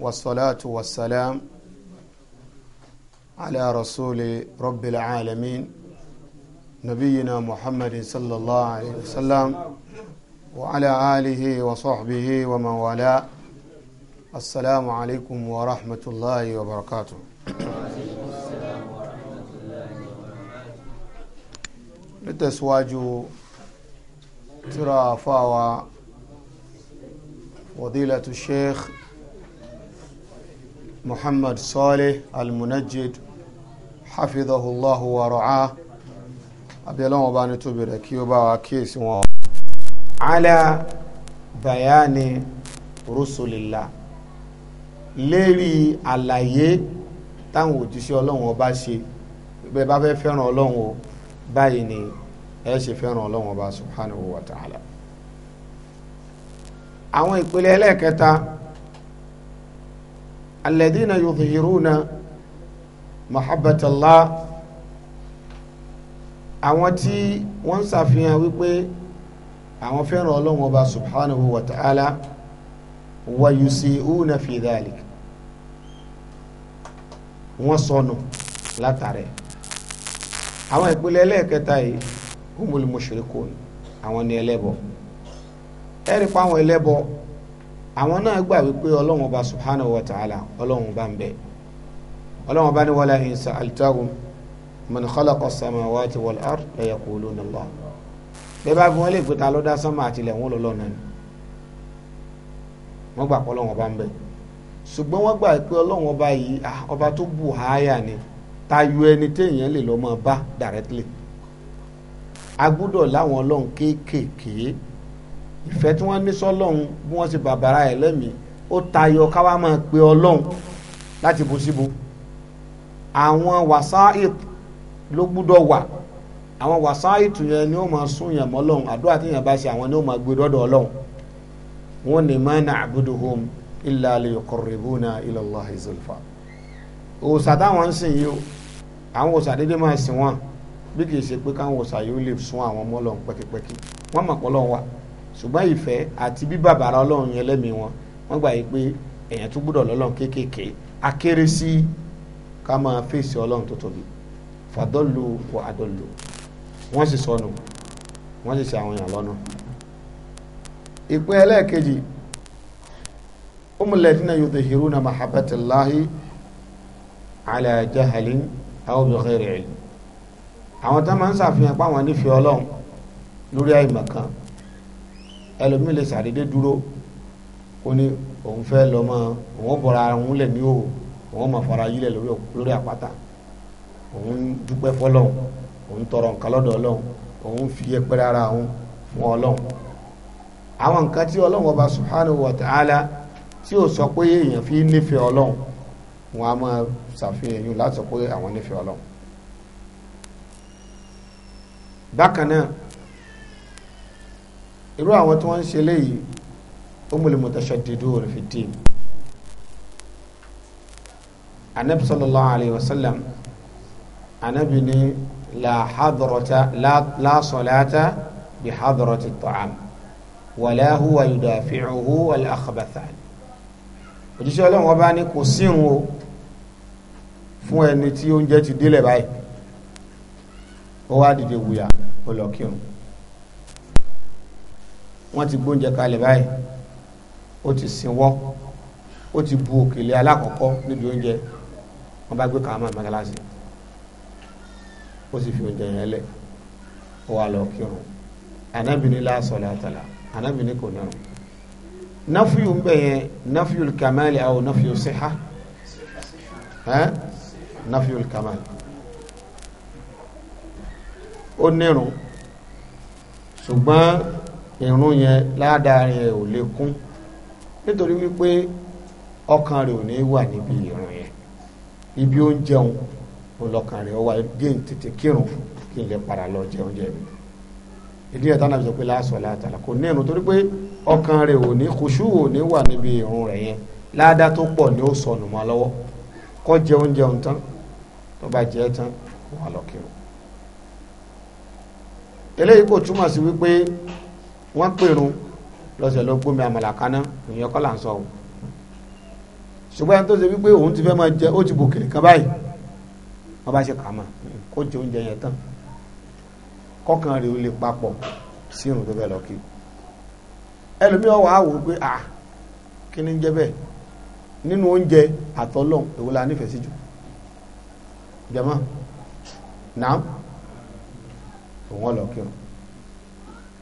والصلاة والسلام على رسول رب العالمين نبينا محمد صلى الله عليه وسلم وعلى آله وصحبه ومن والاه السلام عليكم ورحمة الله وبركاته السلام ورحمة الله وبركاته فضيلة الشيخ محمد صالح المنجد حفظه الله ورعاه أبيلون وباني تبرك يوبا وكيس و... على بيان رسل الله lérí àlàyé táwọn òjíṣẹ́ ọlọ́run ọba ṣe bẹ́ẹ̀ bá fẹ́ fẹ́ràn ọlọ́run o báyìí ni ẹ ṣe fẹ́ràn ọlọ́run ọba subhanahu wa ta'ala àwọn ìpele ẹlẹ́ẹ̀kẹta alladhina yudhhiruna mahabbatallah àwọn tí wọ́n ń ṣàfihàn wípé àwọn fẹ́ràn ọlọ́run ọba subhanahu wa ta'ala wa yusi'una fi dhalik wọ́n sọnù látàrẹ àwọn ìpele ẹlẹ́ẹ̀kẹta yìí humul mushrikun àwọn ni ẹlẹ́bọ̀ọ́ ẹ̀rí pa àwọn ẹlẹ́bọ àwọn náà gbà wípé ọlọ́run ọba subhanahu wa ta'ala ọlọ́run ọba ń bẹ ọlọ́run ọba ní wala in sa'altahum man khalaqa as-samawati wal ard la yaquluna Allah bẹ́ẹ̀ bá fi lè gbéta lọ́dá sánmà àtìlẹ̀ wọn lọ́lọ́ náà ni wọ́n gbà pé ọlọ́run ọba ń bẹ ṣùgbọ́n wọ́n gbà pé ọlọ́run ọba yìí ah, ọba tó bù háyà ni tayọ ẹni téèyàn lè lọ́ mọ́ bá directly agbúdọ̀ láwọn ọlọ́run kéékèèké ìfẹ́ tí wọ́n ní sọ́lọ́hún bí wọ́n ṣe bàbàrà ẹ̀ lẹ́mìí ó tayọ káwá máa pe ọlọ́hún láti bo síbo àwọn wàsáìt ló gbúdọ̀ wà àwọn wàsáìt yẹn ni ó máa sún yàn mọ́ ọlọ́hún àdúrà tí yàn bá ṣe àwọn ni ó máa gbé dọ́dọ̀ ọlọ́hún wọn ni ma na'buduhum illa liyuqarribuna ila Allahi zulfa òòsà táwọn ń sìn yìí o àwọn òòsà dédé máa sìn wọn bí kì í ṣe pé káwọn òòsà yìí ó lè sún àwọn ọmọ ọlọ́hún pẹ́kípẹ́kí wọ́n mọ̀ pọ́lọ́hún wa ṣùgbọ́n ìfẹ́ àti bíbàbàrà ọlọ́run yẹn lẹ́mìí wọn wọ́n gbà yí pé èèyàn tún gbọ́dọ̀ lọ́lọ́run kéékèèké akéré sí ká máa fèsì ọlọ́run tó tóbi fàdọ́lù wọ àdọ́lù wọ́n sì sọnù wọ́n sì ṣe àwọn èèyàn lọ́nà. ìpín ẹlẹ́ẹ̀kejì umulatina yudhihiruna mahabbatillahi ala jahalin aw bi àwọn tó máa ń ṣàfihàn pé nífẹ̀ẹ́ ọlọ́run lórí àìmọ̀kan ẹlòmíì lè sàdédé dúró ó ní òun fẹ́ lọ mọ òun bọ̀ra òun lẹ̀ ní òwò òun mọ̀ fara yílẹ̀ lórí lórí àpáta òun dúpẹ́ fọlọ́hún òun tọrọ nǹkan lọ́dọ̀ ọlọ́hún òun fi yẹpẹrẹ ara òun fún ọlọ́hún àwọn nǹkan tí ọlọ́hún ọba subhanahu wa ta'ala tí ò sọ pé èèyàn fi nífẹ̀ẹ́ ọlọ́hún wọn a máa ṣàfihàn yìí láti sọ pé àwọn nífẹ̀ẹ́ ọlọ́hún bákan náà irú àwọn tí wọ́n ń ṣe léyìí umul mutashaddidur fi din anabi sallallahu alayhi wa sallam anabi ni la hadrata la salata bi hadrati ta'am wala huwa yudafi'uhu wal akhbathan òjíṣẹ́ ọlọ́run ọba ní kò sírun o fún ẹni tí oúnjẹ ti délẹ̀ báyìí ó wá dìde wuyà ó lọ kírun wọ́n ti gbóúnjẹ kalẹ̀ báyìí ó ti sinwọ́ ó ti bu òkèlè alákọ̀ọ́kọ́ níbi oúnjẹ wọ́n bá gbé kàámà mọ́kálásì ó sì fi oúnjẹ yẹn lẹ̀ ó wà lọ kírun anábìíní lásọ̀lá àtàlà anábìíní kò nírun nafiyu ń bẹ̀ yẹn nafiyu kamali àwọn nafiyu siha nafiyu kamali ó nírun ṣùgbọ́n irun yẹn ládàárín ẹ̀ ò lè kún nítorí wípé ọkàn rẹ̀ ò ní wà níbi irun yẹn ibi ó ń jẹun ọlọ́kàn rẹ̀ ó wà gé tètè kírun kí n lè padà lọ jẹun jẹ ìdí ẹ̀ta náà sọ pé láàsọ látàlá kò ní irun torí pé ọkàn rẹ̀ ò ní kùsù ò ní wà níbi irun rẹ̀ yẹn láàdá tó pọ̀ ni ó sọnù mọ́ lọ́wọ́ kó jẹun jẹun tán tó bá jẹ tán wà lọ kírun eléyìí kò túmọ̀ sí wípé wọ́n pèrún lọ́sẹ̀ ló gbómi àmàlà kaná ìyẹn kọ́ là ń sọ o ṣùgbọ́n ẹni tó ṣe wípé òun ti fẹ́ máa jẹ ó ti bò kiri kan báyìí wọ́n bá ṣe kà á mà kó jẹ oúnjẹ yẹn tán kọ́kàn rẹ̀ ó lè papọ̀ sí irun tó fẹ́ lọ kí ẹlòmíì ọ̀wọ́ á wò ó pé à kí ni ń jẹ bẹ́ẹ̀ nínú oúnjẹ àtọ́lọ́n èwo la nífẹ̀ẹ́ sí jù jẹ́mọ́ náà òun ọ̀lọ́kírun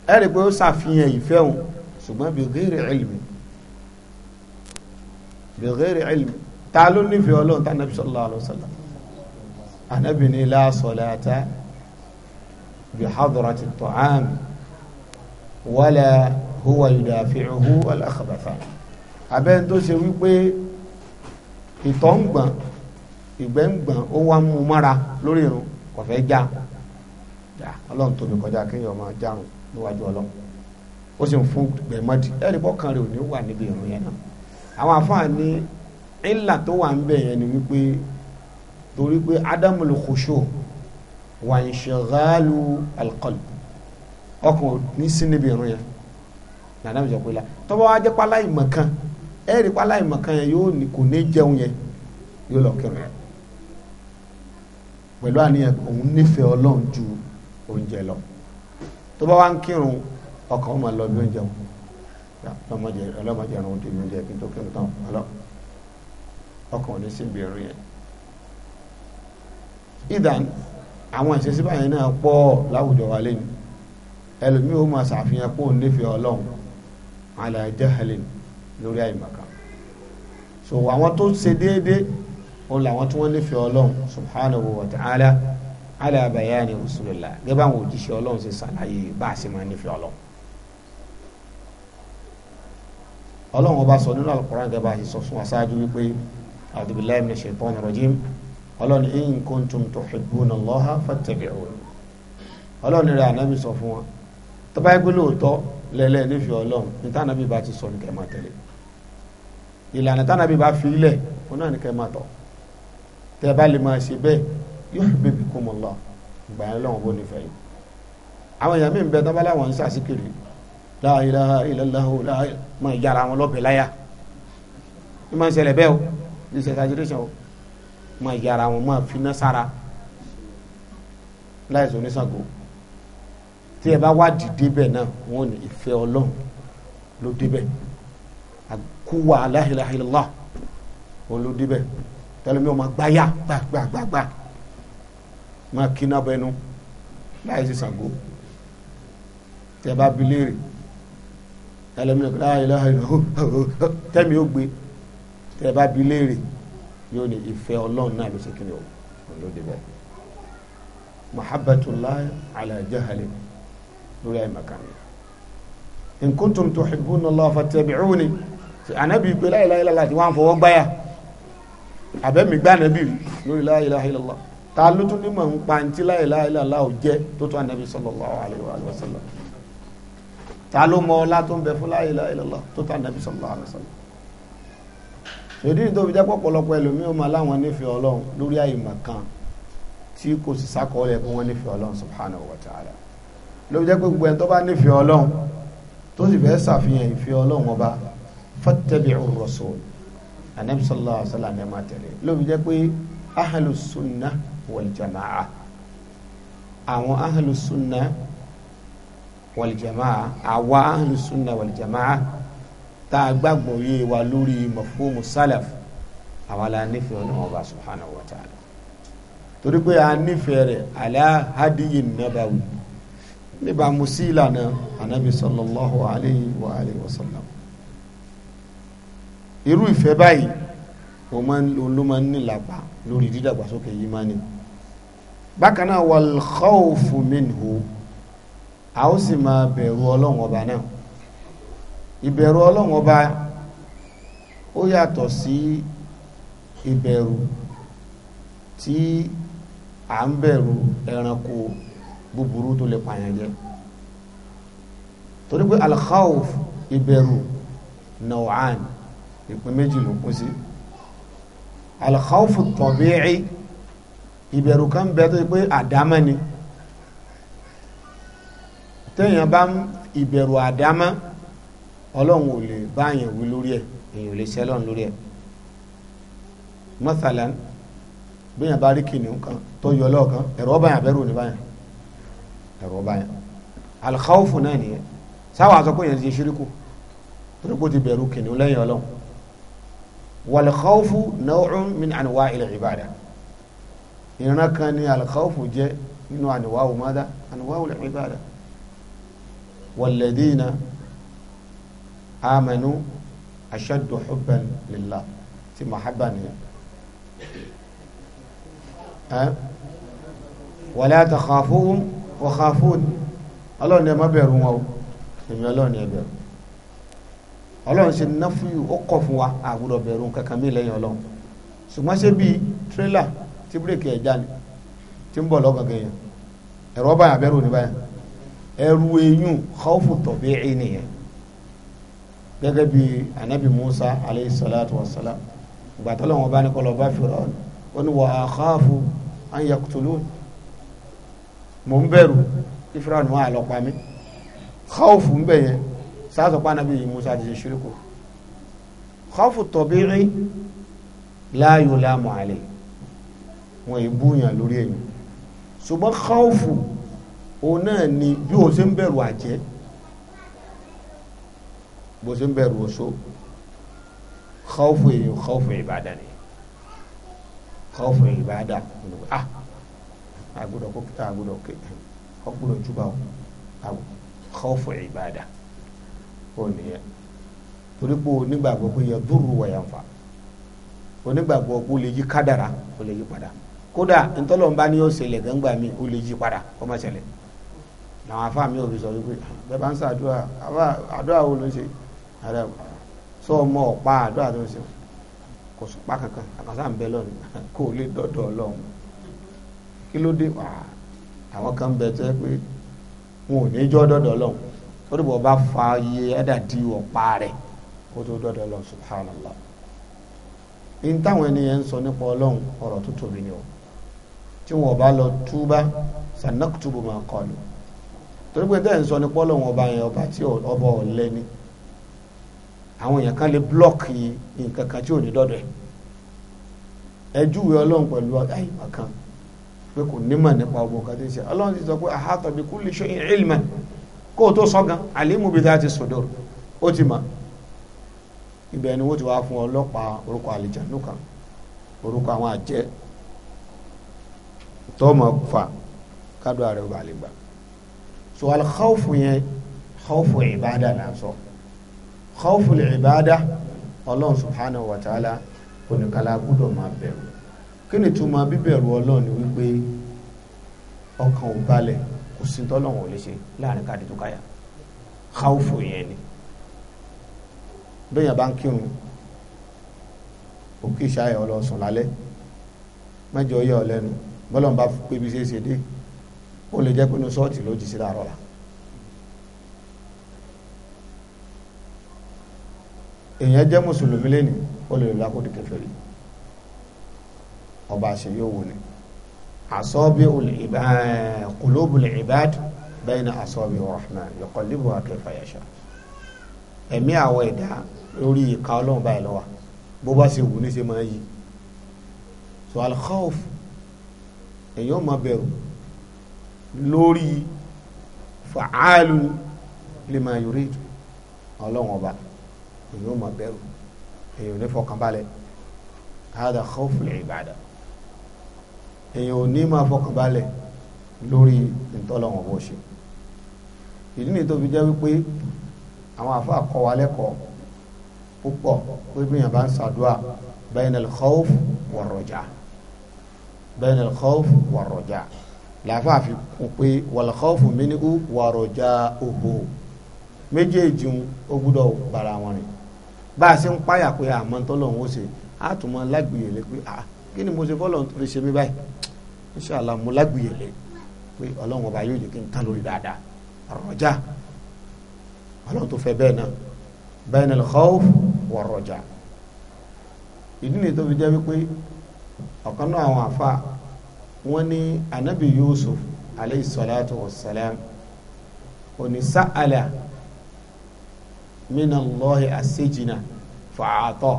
ẹ rí i pé ó ṣàfihàn ìfẹ́ òun ṣùgbọ́n bí ghairi ilmi bí ghairi ilmi ta ló nífẹ̀ẹ́ ọlọ́run tá nàbí sallallahu alaihi wasallam ànábì ní la salata bi hadrati at-ta'am wala huwa yudafi'uhu al-akhbatha abẹ́ ń tó ṣe wípé ìtọ̀ ń gbọ̀n ìgbẹ́ ń gbọ̀n ó wá mú mára lórí irun kò fẹ́ já ọlọ́run tóbi kọjá kéèyàn máa járun níwájú ọlọ́run ó sì ń fún gbẹ̀mọ́dì ẹ̀rí bọ́kàn rẹ̀ ò ní wà níbi ìrun yẹn náà àwọn àfáà ní ìlà tó wà ń bẹ̀ yẹn ni wípé torí pé adamul khushu wà ń ṣẹ̀gáàlù alqalb ọkàn ní sí níbi ìrun yẹn nàdá mi sọ pé la tọ́wọ́ wá jẹ́ pálá ìmọ̀ kan ẹ̀rí pálá ìmọ̀ kan yẹn yóò kò ní jẹun yẹn yóò lọ kírun yẹn pẹ̀lú àníyàn òun nífẹ̀ẹ́ ọlọ́run ju oúnjẹ lọ tó bá wá ń kírun ọkàn wọn máa lọ bí oúnjẹ wọn ọlọ́mọdé ọlọ́mọdé ẹran òde mi oúnjẹ kí n tó kírun tán ọlọ́ ọkàn ò ní sí ibi ẹ̀rù yẹn. ìdán àwọn ìṣesí báyìí náà pọ̀ láwùjọ wa lẹ́nu ẹlòmíì ó máa ṣàfihàn pé òun nífẹ̀ẹ́ ọlọ́run aláìjẹ́hẹ́lẹ́n lórí àyèmọ̀ká so àwọn tó ṣe déédéé òun làwọn tí wọ́n nífẹ̀ẹ́ ọlọ́run subhanahu wa ta'ala. ala rasulillah gẹ́gẹ́ báwọn ṣe ṣàlàyé bá a ṣe máa nífẹ̀ẹ́ ọlọ́run ọlọ́run ọba sọ nínú alukoran gẹ́gẹ́ bá sọ fún aṣáájú wípé abdullahi ibn shaitan rajim ọlọ́run in kuntum tuhibbuna allaha fattabi'un ọlọ́run rẹ̀ ànábì sọ fún wa tó bá lóòótọ́ lẹ́lẹ́ ní tànàbí bá ti sọ yuhibbukumullah ìgbà yẹn lọ́wọ́ bó nífẹ̀ẹ́ yìí àwọn èèyàn mi ń bẹ tán bá láwọn ń sàṣìkiri la ilaha illallah láàyè mọ ìjára wọn lọ́bẹ̀ láyà ní máa ń ṣẹlẹ̀ bẹ́ẹ̀ o ní sẹ́sàgídéṣàn o mọ ìjára wọn mọ àfiná sára láì sọ oníṣàgò tí ẹ bá wá dìde bẹ́ẹ̀ náà wọn ò ní ìfẹ́ ọlọ́run ló débẹ̀ àkúwà la ilaha illallah òun ló débẹ̀ tẹlifíwọ́n máa máa kíná bẹnu láì sí Ṣàngó tẹ bá bi léèrè ẹlẹ́mìnà kò láàyè láàyè tẹ́mi ó gbé tẹ bá bi léèrè yóò ní ìfẹ́ ọlọ́run náà ló ṣe kí ni o ló dé bẹ́ẹ̀ mahabbatullah ala jahali lórí àyè màkàní in kuntum tuhibbuna Allah fattabi'uni anabi gbé la ilaha illallah ti wọ́n fọwọ́ gbáyà abẹ́mi gbá anabi lórí la ilaha illallah ta ló tún ní mọ̀ ń pa ntí láìláìláìlá ò jẹ́ tó tún ànábì sallallahu alaihi wa sallam ta ló mọ ọlá tó ń bẹ fún láìláìláìlá tó tún ànábì sallallahu alaihi wa sallam èdè tó fi jẹ́ pọ̀pọ̀lọpọ̀ ẹlòmíì ọmọ aláwọn nífẹ̀ẹ́ ọlọ́run lórí àyèmọ̀ kan tí kò sì sákọọ́lẹ̀ kí wọ́n nífẹ̀ẹ́ ọlọ́run subhanahu wa ta'ala ló fi gbogbo ẹni tó bá nífẹ̀ẹ́ ọlọ́run wal jamaa àwọn ahlu sunna wal jamaa àwa ahlu sunna wal jamaa tá a gbàgbọ́ yé wa lórí mafhumu salaf àwa la nífẹ̀ẹ́ Ọlọ́hun Ọba subhanahu wa ta'ala torí pé a nífẹ̀ẹ́ rẹ̀ ala hadiyi nabawi níbà musila na anabi sallallahu alayhi wa alayhi wa sallam irú ìfẹ́ báyìí o máa lórí dídàgbàsókè yìí máa ní bákan náà wal khawfu minhu a ó sì máa bẹ̀rù ọlọ́run ọba náà ìbẹ̀rù ọlọ́run ọba ó yàtọ̀ sí ìbẹ̀rù tí à ń bẹ̀rù ẹranko búburú tó lè pààyàn jẹ torí pé al ìbẹ̀rù nau'an ìpín méjì ló kún sí al-khawfu ìbẹ̀rù kan bẹ tó pé àdámọ́ ni téèyàn bá ìbẹ̀rù àdámọ́ ọlọ́run ò lè báyàn wí lórí ẹ̀ èèyàn ò lè ṣe ọlọ́run lórí ẹ̀ mọ́sálán bíyàn bá rí kìnìún kan tó yọ lọ́ọ̀kan ẹ̀rọ báyàn abẹ́rù ní báyàn ẹ̀rọ báyàn alkhawfu náà nìyẹn sáwọn àtọ́kọ́ yẹn ti ṣe ṣíríkù torí kó ti bẹ̀rù kìnìún lẹ́yìn ọlọ́run wal khawfu naw'un min anwa'il ibada ìran kan ni alkhawfu jẹ́ nínú àníwáwò mádá àníwáwò lẹ́gbẹ̀bàdà walladina amanu ashaddu hubban lillah ti mahabba ni wala takhafuhum wa khafuni ọlọ́run ni ẹ má bẹ̀rù wọn o èmi ọlọ́run ni ẹ bẹ̀rù ọlọ́run ṣe náfúyù ó kọ̀ fún wa àgùdọ̀ bẹ̀rù kankan mi lẹ́yìn ọlọ́run ṣùgbọ́n ṣé bíi tírélà tí bírèkì ẹ̀ já ni tí ń bọ̀ lọ́gàngàn yẹn ẹ̀rọ báyà abẹ́rù ní báyà ẹrù eyín khawfu tọ̀bíì nìyẹn gẹ́gẹ́ bí anabi musa aleyhi salatu wa salam gbàtọ́ lọ́wọ́ bá ní kọ́ lọ́ọ́ bá fìrọ̀ ó ní an yaqtulun mò ń bẹ̀rù kí fìrọ̀ ni wọ́n á lọ pa mí anabi musa ti ṣe ṣírí kù khawfu tọ̀bíì la yulamu alayhi wọn ìbúyàn lórí èyàn ṣùgbọ́n káwọ́fù òun náà ni bí o ṣe ń bẹ̀rù àjẹ́ bó ṣe ń bẹ̀rù oṣó káwọ́fù èyàn káwọ́fù ìbàdà ni káwọ́fù ìbàdà ah agbọ́dọ̀ kókítà agbọ́dọ̀ kéde ọgbọ́dọ̀ jùbà káwọ́fù ìbàdà ó nìyẹn torí pé onígbàgbọ́ pé yẹ dúró wọ̀yànfà onígbàgbọ́ pé ó lè yí kádàrá ó lè yí padà kódà ntọ́lọ́mbá ni yóò ṣẹlẹ̀ gbangba mi ó lè yí padà kó má ṣẹlẹ̀ làwọn afá mi ò fi sọ wípé bẹ́ẹ̀ bá ń ṣàdúrà àdúrà wo ló ń ṣe ààrẹ sọ ọmọ ọ̀pá àdúrà tó ń ṣe kò sùpá kankan àkàṣà ń bẹ lọ́nà kó o lè dọ́dọ̀ ọlọ́run kí ló dé àwọn kan bẹ tẹ́ pé wọn ò ní jọ́ dọ́dọ̀ ọlọ́run ó dìbò bá fa iye ẹ̀dà di ọ̀pá rẹ̀ kó tó dọ́dọ̀ ọlọ́run subhanallah ní táwọn ènìyàn ń sọ nípa ọlọ́run ọ̀rọ̀ tó tóbi ni o. tí wọn bá lọ túbá sanaktubu ma qalu torí pé dẹ́n sọ ni pọ́lọ̀ wọn ọba ọba tí ọba ọ̀lẹ́ ni àwọn èèyàn kan lè blọ́ọ̀kì nǹkan kan tí ò ní dọ́dọ̀ ẹ̀ ẹ júwe ọlọ́run pẹ̀lú àyìnbá kan pé kò nímọ̀ nípa ọgbọ̀n kan tí ń ṣe ọlọ́run ti sọ pé kó o tó máa fa kádùá rẹ̀ ó bá lè gbà so alikawfu yẹn kawfu ibada là ń sọ kawfu ibada ọlọ́run subhanahu wa ta'ala oníkàlà gbúdọ̀ máa bẹ̀rù kí ni túmọ̀ bíbẹ̀rù ọlọ́run ni wípé ọkàn ò balẹ̀ kò sí tọ́lọ́run ò lè ṣe láàrin káàdì tó káyà kawfu yẹn ni bẹ́ẹ̀ yẹn bá ń kírun òkè ìṣáyẹ̀ ọlọ́sùn lálẹ́ mẹ́jọ yẹ ọ lẹ́nu bọ́lọ̀ ń bá pé bí ṣe ṣe dé ó lè jẹ́ pé ní sọ́ọ̀tì ló jí sí láàárọ̀ la èèyàn jẹ́ mùsùlùmí lẹ́ni ó lè lọ lákòdì kèfèrí ọba àṣẹ yóò wò ni asọ́bí kùlóbù lè ibad bayna asọ́bí rahman yuqallibu kayfa yasha ẹ̀mí àwọn ẹ̀dá lórí ìka ọlọ́run báyìí lọ́wọ́ bó bá ṣe wù ní ṣe máa yí so al èyàn máa bẹ̀rù lórí fàálù lima yuridu ọlọ́run ọba èyàn máa bẹ̀rù èyàn ní fọkànbalẹ̀ hada khawful ibada èyàn ò ní máa fọkànbalẹ̀ lórí ìtọ́lọ́run ọba ṣe ìdí ni tó fi jẹ́ wípé àwọn àfa kọ́ púpọ̀ pé bí èèyàn bá ń ṣàdúà bainal khawf war raja' bayna al-khawf wa ar-raja làáfà fi kún pé wal-khawfu minhu wa raja'uhu méjèèjì ó gbúdọ̀ bára wọn rìn bá a ṣe ń páyà pé àmọ́ tọ́lọ́hún ó ṣe á tún mọ́ lágbìyèlé pé à kí ni mo ṣe fọ́lọ́hún tó lè ṣe mí báyìí inṣàlá mo lágbìyèlé pé ọlọ́run ọba yóò jẹ́ kí n tán lórí dáadáa àrọ̀já ọlọ́run tó fẹ́ bẹ́ẹ̀ náà bainal khawf war ìdí ọ̀kan náà àwọn àfa wọ́n ní anabi yusuf alayhi salatu wa salam òní sa'ala min allahi asijina fa'ata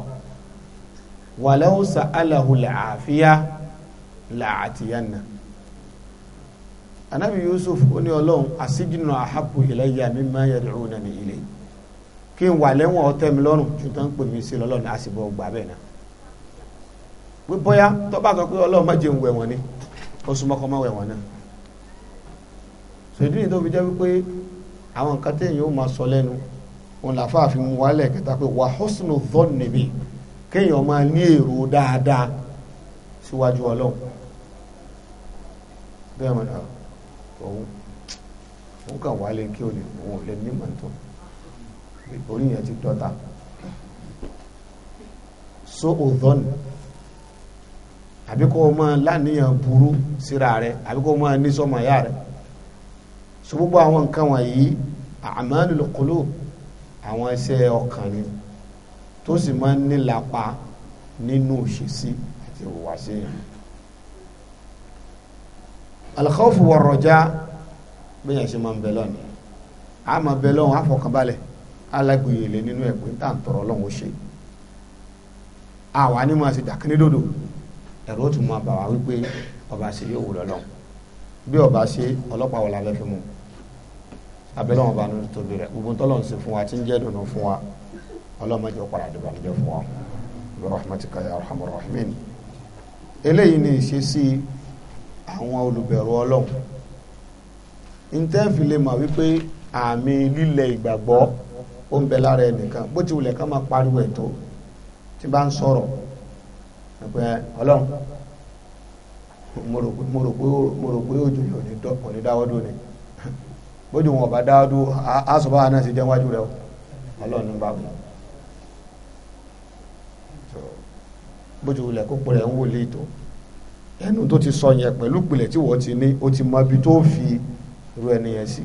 walaw sa'alahu la'afiya la'atiyanna anabi yusuf ó ní ọlọ́run asijinu ahabu ilayya mimma yad'unani ilay kí n wà ọtẹ́ mi lọ́rùn tuntun pè sí lọ́lọ́run a sì bọ́ gbà náà pé bóyá tó bá sọ pé ọlọ́run má jẹun wẹ̀ wọ́n ni ó súnmọ́ kọ́ má wẹ̀ wọ́n náà ṣèdí ni tó fi jẹ́ wípé àwọn nǹkan téèyàn ó máa sọ lẹ́nu òun làfáà fi mú wálẹ̀ kẹta pé wà husnu dhanni bi kéèyàn máa ní èrò dáadáa síwájú ọlọ́run bẹ́ẹ̀ mọ̀ náà òun òun kàn wálé kí òun lè ní mọ̀ntàn oríyàn ti dọ́ta so òdọ́nì àbí kó o máa láníyàn burú síra rẹ àbí kó o máa ní sọmọ ìyá rẹ so gbogbo àwọn nǹkan wọ̀nyí a'malul qulub àwọn iṣẹ́ ọkàn ni tó sì máa nílapa nínú òṣèṣì àti ìhùwàsí yẹn al-khawfu war-raja bẹ́ẹ̀ yẹn ṣe máa ń bẹ lọ́nà a máa bẹ lọ́hùn àfọkànbalẹ̀ alágbèyẹlẹ nínú ẹ̀pẹ́ tá à ṣe àwa ni máa ṣe dàkíní ẹ̀rọ ó tún mú àbàwá wípé ọba ṣe yóò wúlọ lọ bí ọba ṣe ọlọ́pàá wọ̀ lábẹ́ fi mú abẹ́lẹ́ wọn bá ní tóbi rẹ̀ gbogbo tọ́lọ̀ ń ṣe fún wa tí ń jẹ́ dùnú fún wa ọlọ́mọdé ọ̀pọ̀ àdìbànújẹ́ fún wa rahmatika ya arhamar rahimin eléyìí ni ìṣesí àwọn olùbẹ̀rù ọlọ́run ìtẹ́ẹ̀fì lè mọ̀ wípé àmì lílẹ̀ ìgbàgbọ́ ó ń bẹ lára ẹnìkan bó ti wulẹ̀ ká máa pariwo ẹ̀ tó tí bá ń sọ̀rọ̀ pé ọlọ́run mo rò pé mo rò pé òjò yìí kò ní dáwọ́ dúró ni bójú wọn bá dáwọ́ dúró àásùbáwá náà sì jẹ́ wájú rẹ o ọlọ́run ní bá fún bójú ilẹ̀ kókó rẹ̀ ń wò lé ẹnu tó ti sọ yẹn pẹ̀lú ìpìlẹ̀ tí wọ́n ti ní ó ti mọ ibi tó fi irú ẹni yẹn sí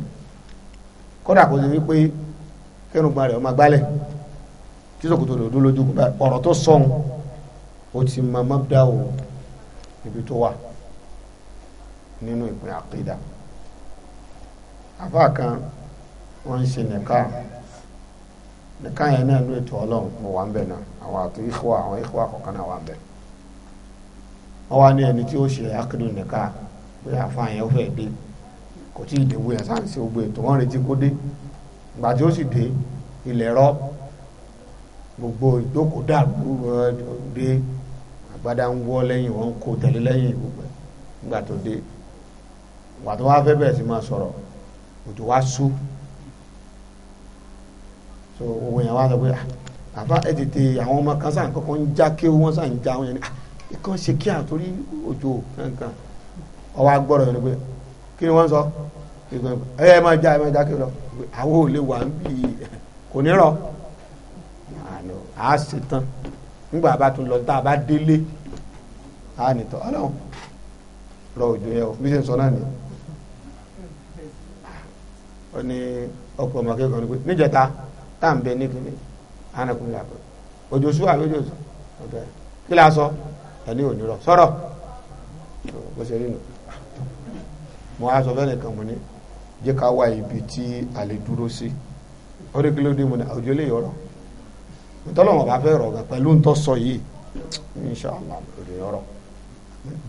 kódà kò sí wípé kẹrùngbọ̀n rẹ̀ ọmọ gbálẹ̀ tí sòkòtò lòdó lójú ọ̀rọ̀ tó sọ̀hún ó ti mọ mọ́bdáwò ibi tó wà nínú ìpín àkídà àfáà kan wọ́n ń ṣe nìka nìka yẹn náà ló ètò ọlọ́run mo wà ń bẹ̀ náà àwọn àti ìfọ́ àwọn ìfọ́ àkọ́kọ́ náà wà ń bẹ̀ wọ́n wá ní ẹni tí ó ṣe akéde nìka pé àfáà yẹn ó fẹ́ dé kò tí ì dé wúyẹn sáà ń ṣe gbogbo ètò wọn retí kó dé ìgbà tí ó sì dé ilẹ̀ rọ gbogbo ìdókòdà dé gbada ń wọ́ lẹ́yìn wọn kò tẹ̀lé lẹ́yìn gbogbo nígbà tó dé wà tó wá fẹ́ máa sọ̀rọ̀ òjò wá sú so owó yẹn wá sọ pé ah, àfa ẹ tètè àwọn ọmọ kan sáà kọ́kọ́ ń já kéwú wọn sáà ń já wọn yẹn ni ìkan ah, ṣe kí àtórí òjò kankan ọwọ́ agbọ́rọ̀ yẹn ni pé kí ni wọ́n sọ ẹ ẹ máa já ẹ máa já kéwú lọ àwọn ò lè wà ń bì kò ní rọ àá ṣetán nígbà bá tún lọ tá a bá délé a nìtọ́ ọlọ́run rọ òjò yẹn o bí ṣe sọ náà ni ó ní ọkọ̀ ọmọ akẹ́kọ̀ọ́ ni pé níjẹta tá à ń bẹ níbi ní anakunle àpẹ òjò sú àbí òjò sú ọ̀dọ̀ ẹ̀ kí la sọ ẹni ò ní rọ sọ̀rọ̀ mo á sọ fẹ́ nìkan mo ní jẹ́ ká wá ibi tí a lè dúró sí ó rí mo ní àwùjọ lè yọrọ ntọ́lọ́wọ́n bá fẹ́ rọ̀ gan pẹ̀lú ntọ́ sọ yìí inshàlá lórí ọ̀rọ̀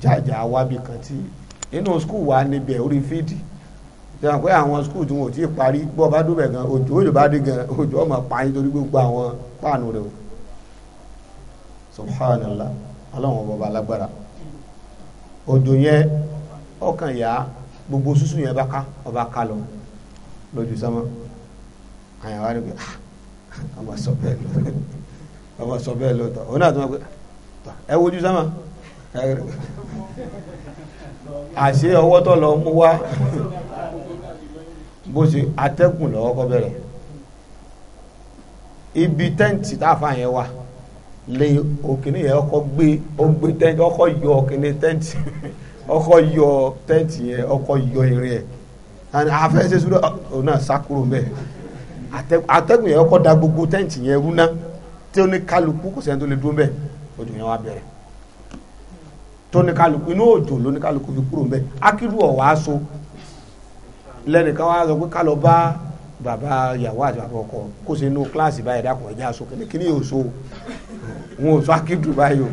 jàjà wábì kan tí inú skul wa níbẹ̀ orí fídì sọ pé àwọn skul tí wọn ò tí ì parí bọ́ bá dúbẹ̀ gan òjò òjò bá dé gan òjò ọmọ pààyàn torí gbogbo àwọn páànù rẹ o subhanallah ọlọ́run bọba alágbára òjò yẹn ọkàn yá gbogbo súsù yẹn bá ká ọba ká lọ lójú sọmọ àyàwó rẹ wọ́n máa sọ bẹ́ẹ̀ lọ wọ́n máa sọ bẹ́ẹ̀ lọ tán a náà tó máa pẹ́ ẹ wojú sáma àṣé ọwọ́ tó lọ mú wá bó ṣe atẹ́gùn lọ́wọ́ kọ́ bẹ̀rẹ̀ ibi tẹ́ǹtì táàfà yẹn wà lè òkìní yẹn ọkọ̀ gbé ọgbé tẹ́ǹtì ọkọ̀ yọ òkìní tẹ́ǹtì ọkọ̀ yọ tẹ́ǹtì yẹn ọkọ̀ yọ eré ẹ̀ àfẹ́sẹ̀ sùdọ̀ ọ̀nà sákúrò mẹ́ẹ̀ atẹ́gùn yẹn kọ́ da gbogbo tẹ́ǹtì yẹn rú ná tí ó ní kálukú kò sẹ́ni tó lè dúró bẹ́ẹ̀ òjò yẹn wá bẹ̀rẹ̀ tó ní kálukú inú òjò ló ní kálukú fi kúrò bẹ́ẹ̀ akíru ọ̀wá so lẹ́nìkan wá sọ pé ká lọ bá bàbá yàwó àti bàbá ọkọ kó sí inú kíláàsì báyìí dàpọ̀ ẹ̀já so kíní yóò so wọn ò sọ akíru báyìí o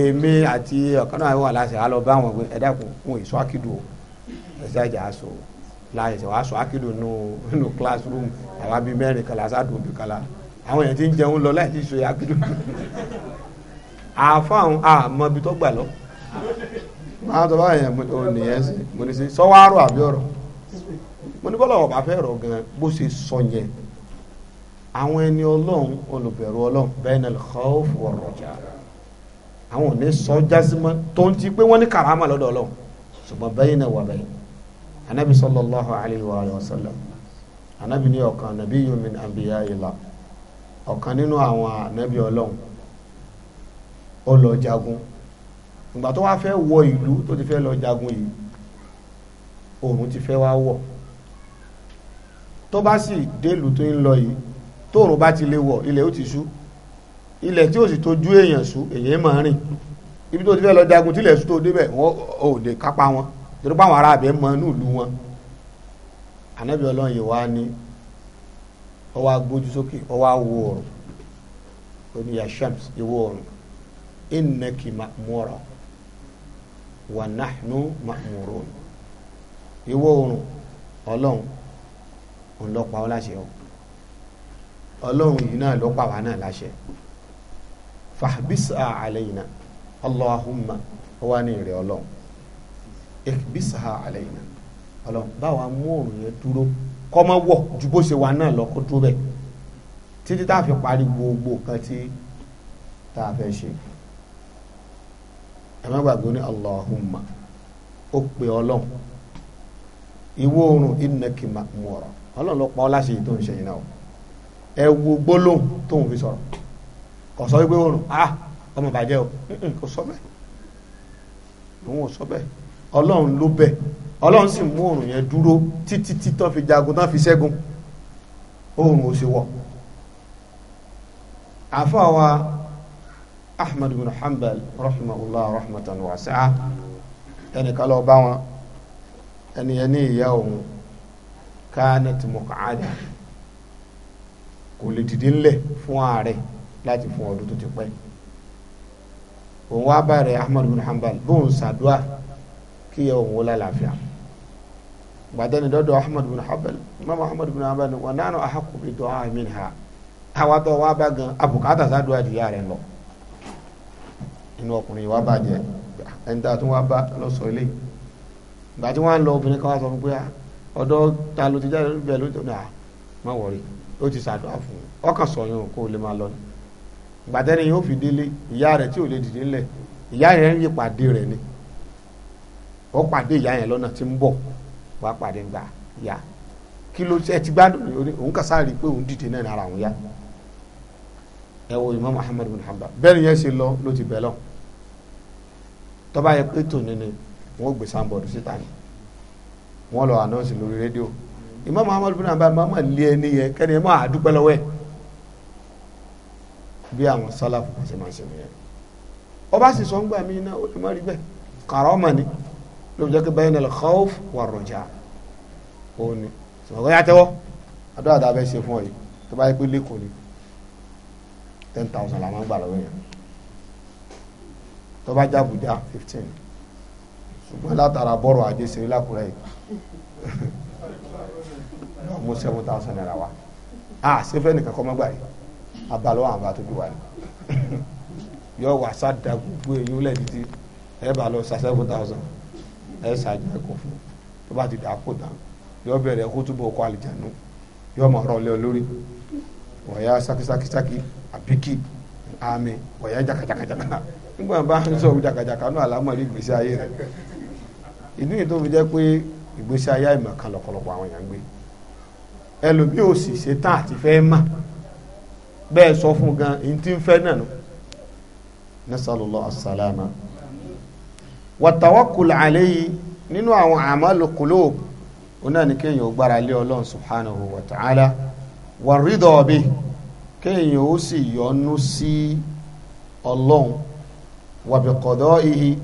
èmi àti ọ̀kan wà láṣẹ àlọ́ bá wọn ẹ̀dá kò wọn ì sọ akíru o ẹ̀sẹ̀ àjà so láàyè sẹ wàá sọ àkìlò nù nù classroom àwa bíi mẹ́rin kala sádùn òbí kala àwọn èèyàn ti ń jẹun lọ láì ti sọ àkìlò àfọwọn àmọ́ ibi tó gbà lọ máa tọ́ báyẹn ò nìyẹn sí mo ní sí sọ́wárò àbí ọ̀rọ̀ mo ní bọ́lá ọ̀bà fẹ́ rọ̀ gan bó ṣe sọ yẹn àwọn ẹni ọlọ́run olùbẹ̀rù ọlọ́run bẹ́ẹ̀ni lọ́ọ̀fù ọ̀rọ̀ jà àwọn ò ní sọ jásímọ́ tó ń ti pé wọ́n ní kàrámà lọ́dọ̀ ọlọ́run ṣùgbọ́n bẹ́yìn náà wà bẹ́yìn anabi sallallahu alayhi wa sallam anabi ní ọ̀kan nabiyyun min anbiya'illah ọ̀kan nínú àwọn anabi ọlọ́run ó lọ jagun ìgbà tó wá fẹ́ wọ ìlú tó ti fẹ́ lọ jagun yìí òòrùn ti fẹ́ wá wọ̀ tó bá sì délùú tó ń lọ yìí tóòrùn bá ti lè wọ̀ ilẹ̀ ó ti ṣú ilẹ̀ tí ó sì tójú èèyàn ṣú èèyàn máa rìn ibi tó ti fẹ́ lọ jagun tílẹ̀ ṣú tó débẹ̀ wọ́n ò lè kápá wọn torí báwọn ará abẹ mọ inú ìlú wọn ànábì ọlọ́run yìí wá ní ó wá gbójú sókè ó wá wo ọ̀run ó ní ya Shams ìwọ ọ̀run innaki ma'mura wa nahnu ma'murun ìwọ ọ̀run ọlọ́run òun ló láṣẹ o ọlọ́run yìí náà ló pa náà láṣẹ fahbisa alayna Allahumma ó wá ní ìrẹ̀ ọlọ́run ẹ̀kbísà àlẹ́yìn ọlọ́run báwa mú òrùn yẹn dúró kọ́mọ wọ̀ ju bó ṣe wà náà lọ kó dúró bẹ́ẹ̀ títí tá a fi parí gbogbo kan tí tá a fẹ́ ṣe ẹ má gbàgbé ní Allahumma ó pe ọlọ́run ìwọ oòrùn innaki ma'mura ọlọ́run ló pa ọ́ láṣẹ yìí tó ń ṣe yìí náà ẹ wo gbólóhùn tóun fi sọ̀rọ̀ kò sọ wípé oòrùn ah ọmọ bàjẹ́ o kò sọ bẹ́ẹ̀ òun ò sọ bẹ́ẹ̀ ọlọ́run ló bẹ̀ ọlọ́run sì mú oòrùn yẹn dúró títí títọ́ fi jagun tán fi ṣẹ́gun oòrùn ò sì wọ̀ àfọwà ahmed bin hanbal rahimahullah rahmatan wasi'a ẹnìkan lọ bá wọn ẹnìyẹn ní ìyá òun kanat muqada kò lè dìde ńlẹ̀ fún ààrẹ láti fún ọdún tó ti pẹ́ òun wá bá rẹ̀ ahmed bin hanbal bóun ṣàdúrà kí yẹ òun wọlé àlàáfíà gbàdẹ́ni dọ́dọ̀ ahmed bin habal imam ahmed bin habal ni bi ha àwa tó wá bá gan abùkátà sádùá ju yára lọ inú ọkùnrin wa bàjẹ́ ẹni tí a kan ah, ta ti jáde ti ti ni yóò fi délé ni. ọ pàdé ìyá yẹn lọ́nà tí ń bọ̀ wá pàdé ń gbà yá kí ló ẹ ti gbádùn ní òun kà sáà rí i pé òun dìde náà ara òun yá ẹ wo Imam Muhammadu bin Hanbal bẹ́ẹ̀ ni yẹn ṣe lọ ló ti bẹ̀ lọ tó bá yẹ pé tòní ni wọ́n gbé sanbọ̀dù síta ni wọ́n lọ anọ́ọ̀sì lórí rédíò Imam Ahmad bin Hanbal máa ma lé ẹni yẹ kẹ́ni ẹ máa dúpẹ́ lọ́wọ́ ẹ̀ bí àwọn sálàfù kan ṣe máa ṣe nìyẹn ọba sì sọ ń gbà mí náà ó lè má rí bẹ́ẹ̀ kàrọ́ ọmọ ni ló jẹ́ kí bayna al-khawf war-raja òun ni ṣùgbọ́n yà tẹ́wọ́ àdúrà tá a ṣe fún ọ yìí tó bá yẹ pé lẹ́kọ̀ọ́ ni ten thousand la máa ń gbà lọ́wọ́ yẹn tó bá jẹ́ Àbújá fifteen ṣùgbọ́n látara bọ́rọ̀ ajé ṣeré lákùrẹ́ yìí lọ́ọ́ seven thousand naira wa a ṣe fẹ́ nìkan kọ́ mọ́ gbà yìí abalọ́ àwọn àbá tó bí wà ní yọ wàásà dàgbò gbé yín lẹ́ẹ̀dí tí bá lọ sa seven thousand ẹ ṣàjọ ẹkọ fún tó bá ti dà kó dà yọ bẹ̀rẹ̀ kó túbọ̀ kọ àlìjànú yọ mọ̀ ọ̀rọ̀ lé ọ lórí wọ̀ya sákísákísákí àbíkí àmì wọ̀ya jákàjákàjákà nígbà bá ń sọ̀rọ̀ jákàjákà náà àlámọ̀rí ìgbésí ayé rẹ̀ ìdí nìyí tó fi jẹ́ pé ìgbésí ayé àìmọ̀ kan lọ́pọ̀lọpọ̀ àwọn èèyàn gbé ẹlòmíì ò sì ṣetán àti fẹ́ mà bẹ́ẹ̀ sọ fún gan ní tí ń fẹ́ náà nù nasalulọ asalama watawakul alayhi ninu awon amalu kulub ona ni keyan o gbara le olohun subhanahu wa ta'ala wa ridho bi keyan o si yonusi si olohun wa bi qada'ihi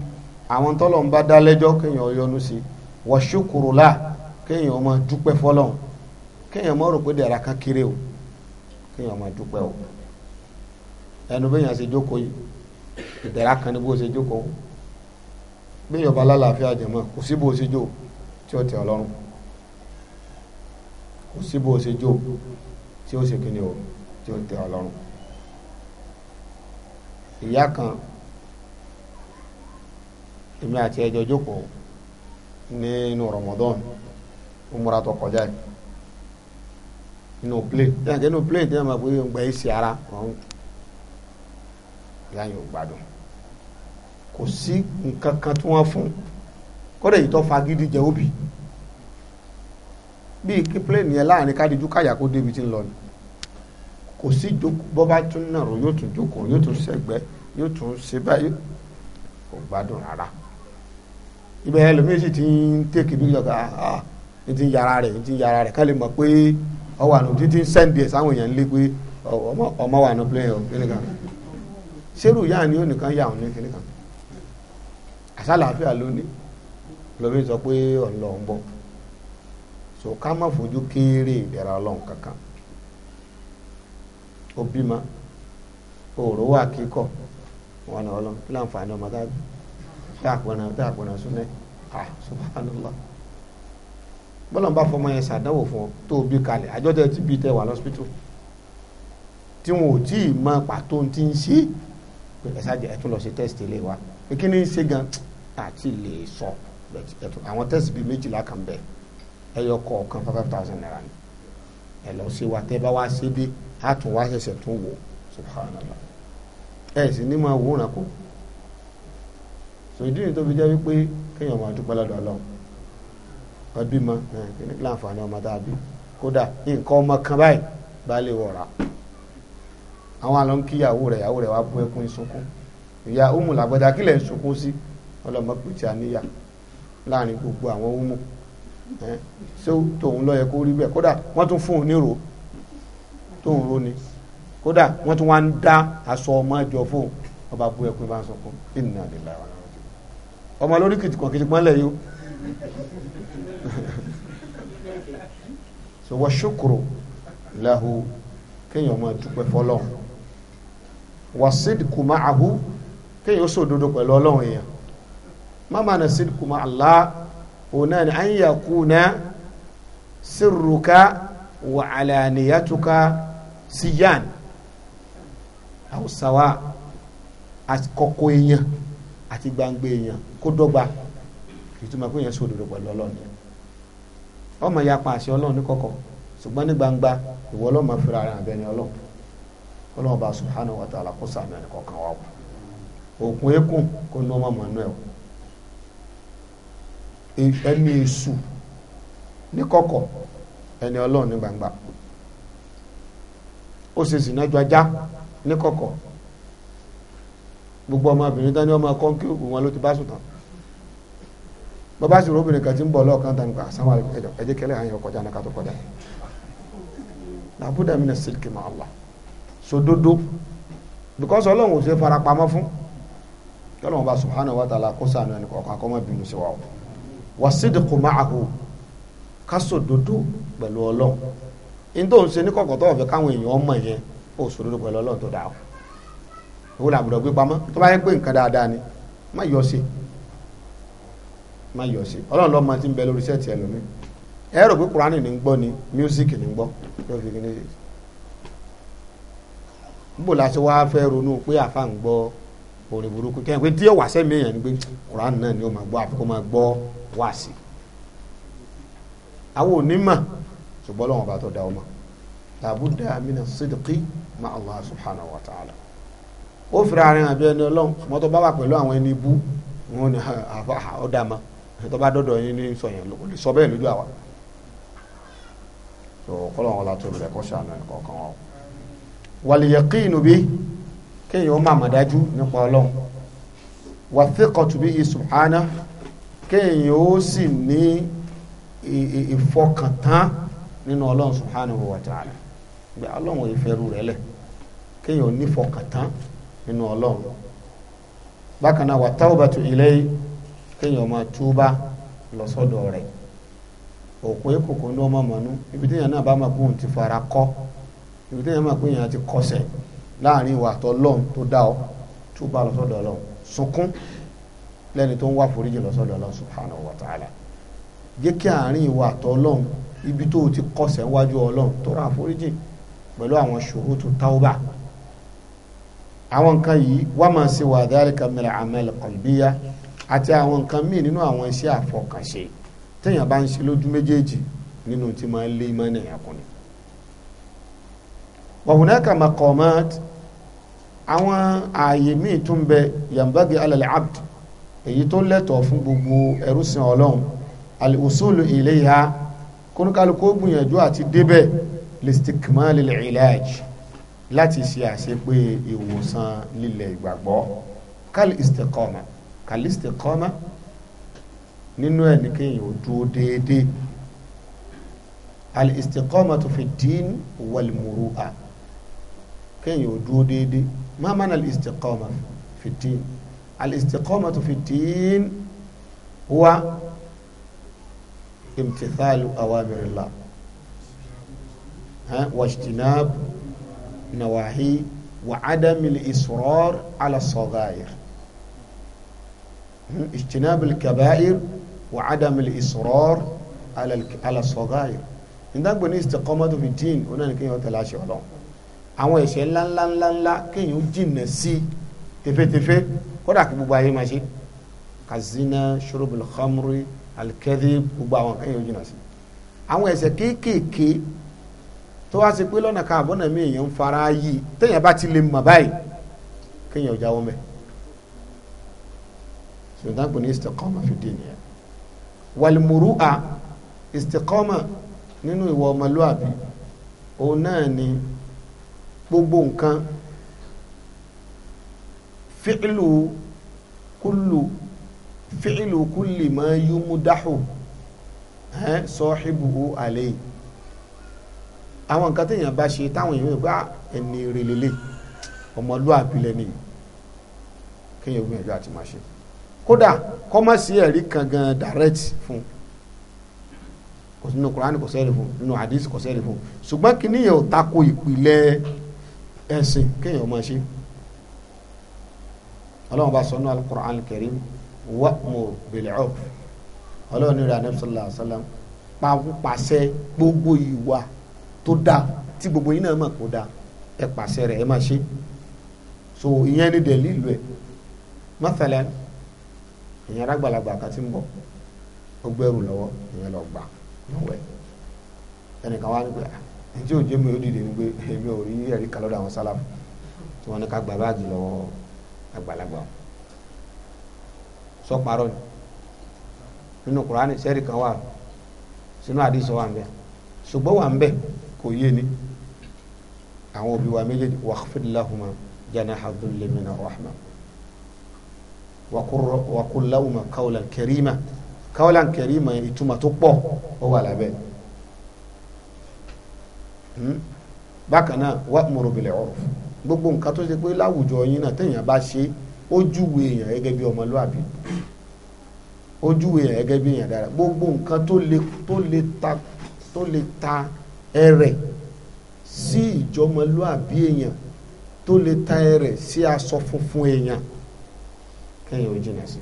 awon tolohun ba da lejo keyan o yonu wa shukru la keyan o ma dupe fọlohun keyan mo ro pe dara kan kire o keyan ma dupe o ẹnu bẹ́yàn ṣe jókòó kan ní bó bí ìyọba lálàáfíà jẹ̀mọ́ kò síbò ṣe jò tí ó tẹ̀ ọ́ lọ́rùn kò síbò ṣe jò tí ó ṣe kíni o tí ó tẹ̀ ọ́ lọ́rùn ìyá kan èmi àti ẹjọ́ jókòó nínú Ramadan ó múra tó kọjá yìí nínú plane tí a kẹ́ nínú plane tí a máa pè é gbẹ́ sí ara ìyá yìí ò gbádùn kò sí nǹkan kan tí wọ́n fún kódà èyí tó fagídí jẹ òbí bíi kí pléènì yẹn láàrin kádìjú káyà kó débi tí ń lọ ni kò sí jókòó bọ́ bá tún nàró yóò tún jókòó yóò tún sẹ́gbẹ́ yóò tún ṣe báyìí kò gbádùn rárá ibẹ̀ ẹlòmíì sì ti ń tèkì bí yọ̀gá ní ti ń yàrá rẹ̀ ní ti ń yàrá rẹ̀ ká lè mọ̀ pé ọwọ́ àná títí ń sẹ́ǹdì ẹ̀ sáwọn èèyàn ń lé pé ọmọ wà ní pléènì ọ̀ kíníkan ṣérù yáà ni ó nìkan yà ọ́ ní kíníkan àsálàáfíà lónìí lómi sọ pé ọ̀nà ń bọ̀ so ká má fojú kéré ìdẹ̀ra ọlọ́run kankan ó bímọ òòrò wà kíkọ wọn náà ọlọ́run kí láǹfààní ọmọ tá a pọnà tá a pọnà súnẹ à ah, subhanallah bọ́lá ń bá fọmọ yẹn ṣàdánwò fún ọ tó o bí kalẹ̀ àjọ tẹ ti bí tẹ wà lọ́sípítù tí wọn ò tí ì mọ pàtó ti ń ṣí ẹ ṣáàjì ẹ tún lọ ṣe tẹ́sítì ilé wa kí ni ń ṣe gan-an àti lè sọ àwọn tẹ́sí bíi méjìlá kan bẹ̀ ẹyọ kọ̀ọ̀kan five thousand naira ni ẹ lọ sí wa tẹ́ bá wá sí bí a tún wá ṣẹ̀ṣẹ̀ tún wò subhanallah ẹ sì ní máa wúran kó sòdí ni tó fi jẹ́ wípé kéèyàn máa dúpẹ́ lọ́dọ̀ ọlọ́run ọdún mọ kíní láǹfààní ọmọ tá a bí kódà nǹkan ọmọ kan báyìí bá lè wọ̀ra àwọn àlọ́ ń kíyàwó rẹ̀ ìyàwó rẹ̀ wá bú ẹkún ìsunkún ìyá umu làgbẹ́dá kílẹ̀ ń sunkún sí. Si ọlọ́mọpẹ̀tì àníyà láàrin gbogbo àwọn ọmọ ṣé tòun lọ yẹ kó rí bẹ́ẹ̀ kódà wọ́n tún fún un nírò tóun ró ni kódà wọ́n tún wá ń dá aṣọ ọmọ ẹjọ́ fóun ọba bú ẹkún bá ń sọ fún ìnà nílà wa ọmọ lórí kìtìkan kìtìkan lẹ̀ yó so wọ́n ṣòkòrò lahu kéèyàn máa dúpẹ́ fọlọ́run wàsídìkùmáàhù kéèyàn ó sòdodo pẹ̀lú ọlọ́run èèyàn mama na sidku ma allah ona ni an yakuna sirruka wa alaniyatuka siyan hausawa àkọ́kọ́ èèyàn àti gbangba èèyàn kó dọ́gba ìtumọ̀ pé èèyàn sòdodo pẹ̀lú ọlọ́run ọmọ ya pa àṣẹ ọlọ́run ní kọ̀kọ̀ ṣùgbọ́n ní gbangba ìwọ ọlọ́mọ fúnra rẹ̀ abẹ́ni ọlọ́run ọlọ́run bá subhanahu wa ta'ala kó sàmì ẹnì kọ̀ọ̀kan wà ó òkun eékún kó ní ọmọ mọ̀ nú ẹ̀ o. ẹ̀mí esu ní kọ̀kọ̀ ẹni ọlọ́run ní gbangba ó sì ajá ní gbogbo ọmọbìnrin tán ní ọmọ kọ́ńkì wọn ló ti bá sùn bàbá sì róbìnrin kan ti ń bọ̀ lọ́ọ̀kan tán nípa àsáwọn ẹjọ́ ẹjẹ́ kẹlẹ́ àyàn kọjá náà ká tó kọjá làbúdà mi nà sílìkì máa wà sódódó because ọlọ́run ò fún wàsídìkù máàhù kásòdodo pẹ̀lú ọlọ́run in tó ń ṣe ní kọ̀kọ̀ tó káwọn èèyàn mọ̀ yẹn ó sòdodo pẹ̀lú ọlọ́run tó dáa owó làbùdọ̀ gbé pamọ́ tó bá yẹ pé nǹkan dáadáa ni má yọ sí má yọ sí ti ń bẹ lórí ẹlòmíì ẹ rò pé ń ni mísíkì ń fi kí la ṣe wáá ronú pé ni pé ni ó máa àfikún máa wá sí àwọn onímọ̀ ṣùgbọ́n lọ́wọ́n bá tó da ọmọ làbúdà mina sídìkì ma allah subhanahu wa ta'ala ó fìrà rìn àbí ẹni ọlọ́run ṣùgbọ́n tó bá wà pẹ̀lú àwọn ẹni bú wọn ni ọ̀dà ma tó bá dọ́dọ̀ yín ní sọ̀yìn sọ bẹ́ẹ̀ lójú àwa kọlọ́n wọn látọ̀ bẹ̀rẹ̀ kọ́ sànù ẹ̀kọ́ kan wọn. wàlìyẹ̀kínu bí kéèyàn ó máa mọ̀ dájú nípa ọlọ́run wàfíkọ̀tù bí subhanahu kéèyàn ó sì ní ìfọkàntán nínú ọlọ́run subhanahu wa ta'ala gbé ọlọ́run ìfẹ́rù rẹ̀ lẹ̀ kéèyàn ó nínú ọlọ́run bákan náà wà tawbatu ilayhi kéèyàn máa túbá lọ rẹ̀ òpin kòkó ní ọmọ mọ̀nú ibi téèyàn náà bá máa ti fara kọ́ ibi téèyàn máa ti kọsẹ̀ láàrin ìwà àtọ́ tó dá ọ lẹ́ni tó ń wá foríjì lọ́sọ́dọ̀ ọlọ́run subhanahu wa ta'ala jẹ́ kí àárín ìwà àtọ́ ọlọ́run ibi tó o ti kọsẹ̀ wájú ọlọ́run tó ra foríjì pẹ̀lú àwọn ṣurutu tauba àwọn nǹkan yìí wá máa ṣe wà dhalika min al-a'mal àti àwọn nǹkan míì nínú àwọn iṣẹ́ àfọkànṣe téèyàn bá ń ṣe lójú méjèèjì nínú tí máa ń lé imá nìyẹn kún ni. wa hunaka àwọn ààyè míì tún bẹ yambagi ala al èyí tó lẹ́tọ̀ọ́ fún gbogbo ẹrúsìn ọlọ́run alùsùlù ilayha kónúkálukó gbìyànjú àti débẹ̀ listikmal ilaj láti ṣe àṣepé ìwòsàn lílẹ̀ ìgbàgbọ́ kal istiqama kal istiqama nínú ẹ̀ ní kéèyàn ó dúró déédéé al istiqama tó fi dín wàlmùrúà kéèyàn ó dúró déédéé má mánà fi dín al-istiqamatu fi ddin huwa imtithalu awamirillah wajtinab nawahi wa adam al-israr ala as-saghair hmm, ijtinab al-kaba'ir wa adam al-israr ala as-saghair ìdágbò ní istiqamatu fi ddin ó náà ní kéèyàn tẹ̀lé àṣẹ ọlọ́run àwọn ẹ̀ṣẹ̀ ńláńláńláńlá kéèyàn jìnnà sí tẹfẹ́tẹfẹ́ kódà kí gbogbo ayé máa ṣe kazina shurubul khamri alikẹ́dẹ́ gbogbo àwọn kan yóò jìnnà sí àwọn ẹ̀ṣẹ̀ kéékèèké tó wá sí pé lọ́nà kan àbọ̀nà mi èèyàn ń fara yìí téèyàn bá ti lè mọ̀ báyìí kéèyàn ò jáwọ́ mẹ́ sùdán kò ní istiqama fi dín nìyẹn wàlmùrúà istiqama nínú ìwà ọmọlúàbí òun náà ni gbogbo nǹkan fílù kúlù fíìlù kúlì mọ́ yúmú dáhù sọ́ọ́hìbùhù àlẹ́ àwọn nǹkan téèyàn bá ṣe táwọn èèyàn bá ah, ẹni rèlélẹ̀ ọmọlúàbí lẹ́ni kéèyàn gbìyànjú àti máa ṣe kódà kọ́mọ̀sí ẹ̀rí kan gan direct fún kò sínú kùránì kò sẹ́ẹ̀rì fún nínú àdìsí kò sẹ́ẹ̀rì fún ṣùgbọ́n kí ò tako ìpìlẹ̀ ẹ̀sìn kéèyàn máa ṣe ọlọ́run bá sọnù alukur'an karim wa'mur bil'urf ọlọ́run ní ìrànlẹ́ sallallahu alaihi wasallam pàṣẹ gbogbo ìwà tó dáa tí gbogbo yín náà mọ̀ kó dáa ẹ pàṣẹ rẹ̀ ẹ máa ṣe so ìyẹn ni dẹ̀ lílu ẹ̀ mọ́tàlẹ́ ìyẹn arágbàlagbà kan ti ń bọ̀ ó gbẹ́rù lọ́wọ́ ìyẹn lọ gbà lọ́wọ́ ẹ̀ ẹnìkan wá ní pé ẹ̀ tí ò jẹ́ mi ò dìde ní pé èmi ò rí ẹ̀rí kan lọ́dọ̀ àwọn tí wọ́n ní ká gbà báàgì lọ́wọ́ àgbàlagbà o sọparọ ni nínú kuraani sẹ́ẹ̀rì kan wà sínú àdìsọ wà ń bẹ ṣùgbọ́n wà ń bẹ kò yé ni àwọn òbí wa méjèèjì wakhfid lahuma janaha dhulli mina rahma wa qul lahuma qawlan karima qawlan tó pọ̀ ó wà lábẹ́ hmm? bákan náà wa'muru bil 'urf gbogbo nǹkan tó ṣe pé láwùjọ yín náà téèyàn bá ṣe ó júwe èèyàn gẹ́gẹ́ bí ọmọlúwàbí ó júwe èèyàn gẹ́gẹ́ bí èèyàn dára gbogbo nǹkan tó le tó le ta tó le ta ẹrẹ̀ sí ìjọmọlúwàbí èèyàn tó le ta ẹrẹ̀ sí aṣọ funfun èèyàn kéèyàn ò jìnnà sí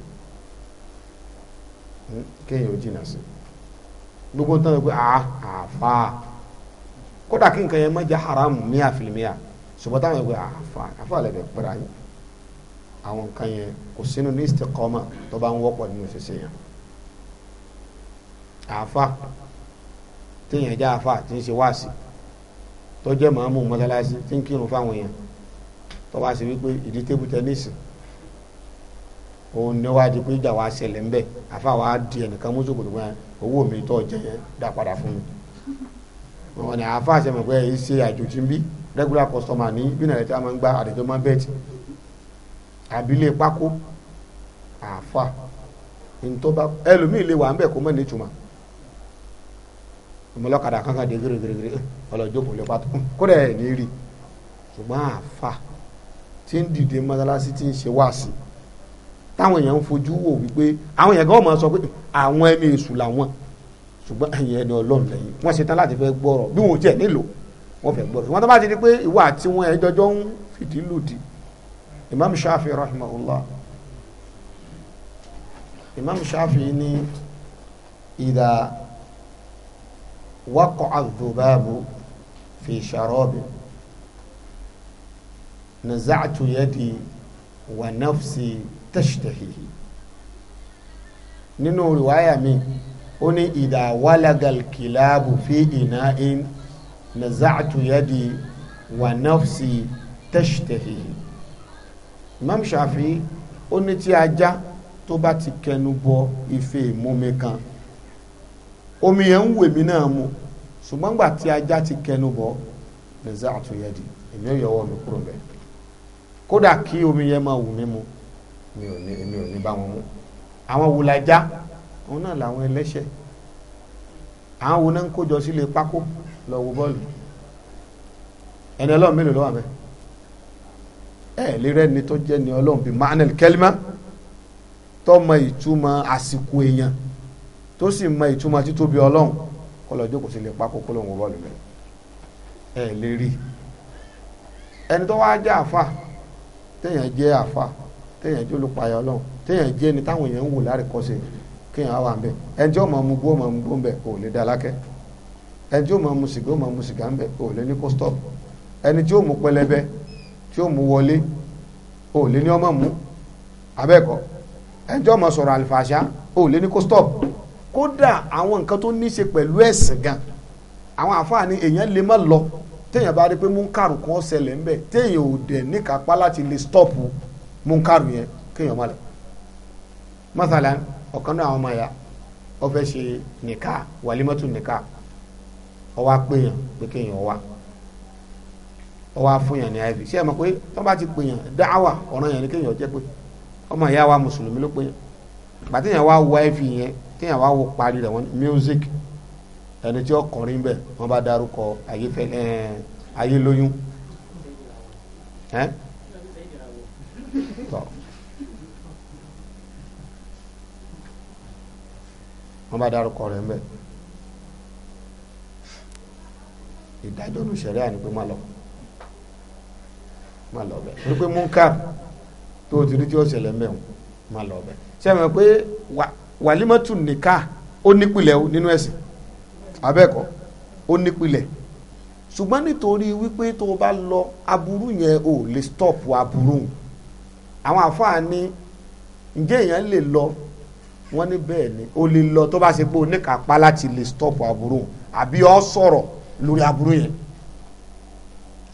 hmm? kéèyàn ò jìnnà sí gbogbo nǹkan tó ń pè àáfàá kódà kí nǹkan yẹn má jẹ́ haramu míà fìlímíà ṣùgbọ́n táwọn ìwé àfa àfa lẹ́dẹ̀ pẹ̀lú ayé àwọn nǹkan yẹn kò sínú ní istiqama tó bá ń wọ́pọ̀ nínú ṣíṣe yẹn àfa téèyàn jẹ́ àfa tí ń ṣe wáàsí tó jẹ́ màámù mọ́sálásí tí ń kírun fáwọn èèyàn tó bá ṣe wípé ìdí tébù tẹ́nísì òun ni wàá di pé ìjà wàá ṣẹlẹ̀ ńbẹ àfa wàá di ẹnìkan mú sòkòtò pé owó mi tó jẹ yẹn dá padà fún mi wọn ni àfa ṣe mọ̀ pé èyí ṣe àjòjì ń bí regular customer ní bí nàìjíríà tí a máa ń gba àdìjọ máa bẹ́ẹ̀ tì àbílẹ̀ pákó àfa ntọ́ba ẹlòmíì lè wà ń bẹ̀ kó mọ̀ nítumọ̀ ọmọlọ́kadà kankan dé gírígírí ọlọ́jọ́ kò lè pàtó kódà ẹ̀ ní rí ṣùgbọ́n àfa tí ń dìde mọ́sálásí tí ń ṣe wáàsí táwọn èèyàn ń fojú wò wípé àwọn èèyàn gan ọmọ sọ pé àwọn ẹni èṣù làwọn ṣùgbọ́n ẹ̀yìn ẹni ọlọ́run lẹ́yìn wọ́n ṣe tán láti fẹ́ gbọ́rọ̀ bí wọn ò tiẹ̀ nílò wọ́n fẹ́ gbọ́dọ̀ wọ́n tó bá ti di pé ìwà àti wọn ẹ̀jọ́jọ́ ń fìdí lùdì imam shafi rahimahullah imam shafi ní ìdá waqa'a adh-dhubabu fi sharabi naza'tu yadi wa nafsi tashtahihi nínú riwaya mi ó ní ìdá walagal kilabu fi ina'in naza'tu yadi wa nafsi tashtahi imam shafi ó ní tí ajá tó bá ti kẹnu bọ ife ìmumi kan omi yẹn ń wèmí náà mu ṣùgbọ́n gbà tí ajá ti kẹnu bọ naza'tu yadi èmi ò yọwọ́ mi kúrò bẹ́ẹ̀ kódà kí omi yẹn máa wù mí mu mi ò ní èmi ò ní bá wọn mu àwọn wùlàjá òun náà làwọn ẹlẹ́ṣẹ̀ àwọn wo náà ń kójọ sílé pákó lọ wo bọ́ọ̀lù ẹni ọlọ́run mélòó ló wà bẹ́ẹ̀ ẹ lérẹ́ ni tó jẹ́ ni ọlọ́run bíi mahanel kẹlima tọmọ ìtumọ̀ àsìkò èèyàn tó sì mọ ìtumọ̀ títóbi ọlọ́run kó lọ jókòó sí lè pa kókó lòun wo bọ́ọ̀lù bẹ́ẹ̀ ẹ lè rí ẹni tó wá jẹ́ àfa téèyàn jẹ́ àfa téèyàn jẹ́ olùpayà ọlọ́run téèyàn jẹ́ ni táwọn èèyàn ń wò lárí kọ́sẹ̀ kéèyàn á wà ń bẹ̀ ẹni tí ó mọ̀ ọ́ mú bó mọ̀ ń bẹ̀ kò lè dá lákẹ́ ẹni tí ó máa mu sìgá ó máa mu sìgá ń bẹ ò ní kó stop ẹni tí ó mu pẹlẹbẹ tí ó mu wọlé ò lè ní ọmọ mu abẹ́ẹ̀kọ́ ẹni tí ó sọ̀rọ̀ àlìfàṣà ò lè ní kó stop kódà àwọn nǹkan tó ní í ṣe pẹ̀lú ẹ̀sìn gan àwọn àfáàní èèyàn lè má lọ téèyàn bá rí pé múnkàrù kan ṣẹlẹ̀ ń bẹ téèyàn ò dẹ̀ níkápá láti lè stop múnkàrù yẹn kéèyàn má lọ mọ́tàlá ọ̀kan náà àwọn ọmọ ya ọ fẹ́ ṣe nìka wàlímọ́tò nìka ọwọ́ kpe pé kéèyàn wá ọwọ́ afúnyàn ní iv ẹ pé ti yẹn ni kéèyàn jẹ́ pé ọmọ ìyá wa mùsùlùmí ló pèyàn ìgbà téèyàn wá wọ iv yẹn téèyàn wọ parí music ẹni tí ó wọ́n bá darúkọ wọ́n bá darúkọ ìdájọ́ nu sẹ̀rí àní pé má lọ má lọ bẹ̀ torí pé munkar tó o ti rí tí ó ṣẹlẹ̀ ń bẹ̀ wọ́n má lọ bẹ̀ sẹ́mi pé wàlímọ́tù nìka ó nípìlẹ̀ o nínú ẹ̀sìn abẹ́ẹ̀kọ́ ó nípìlẹ̀ ṣùgbọ́n nítorí wípé tó o bá lọ aburú yẹn o lè stop aburú àwọn àfáà ǹjẹ́ èèyàn lè lọ wọ́n ní bẹ́ẹ̀ ni o lè lọ tó bá ṣe pé o níkàápá láti lè stop aburú àbí ọ sọ̀rọ̀ lórí aburú yẹn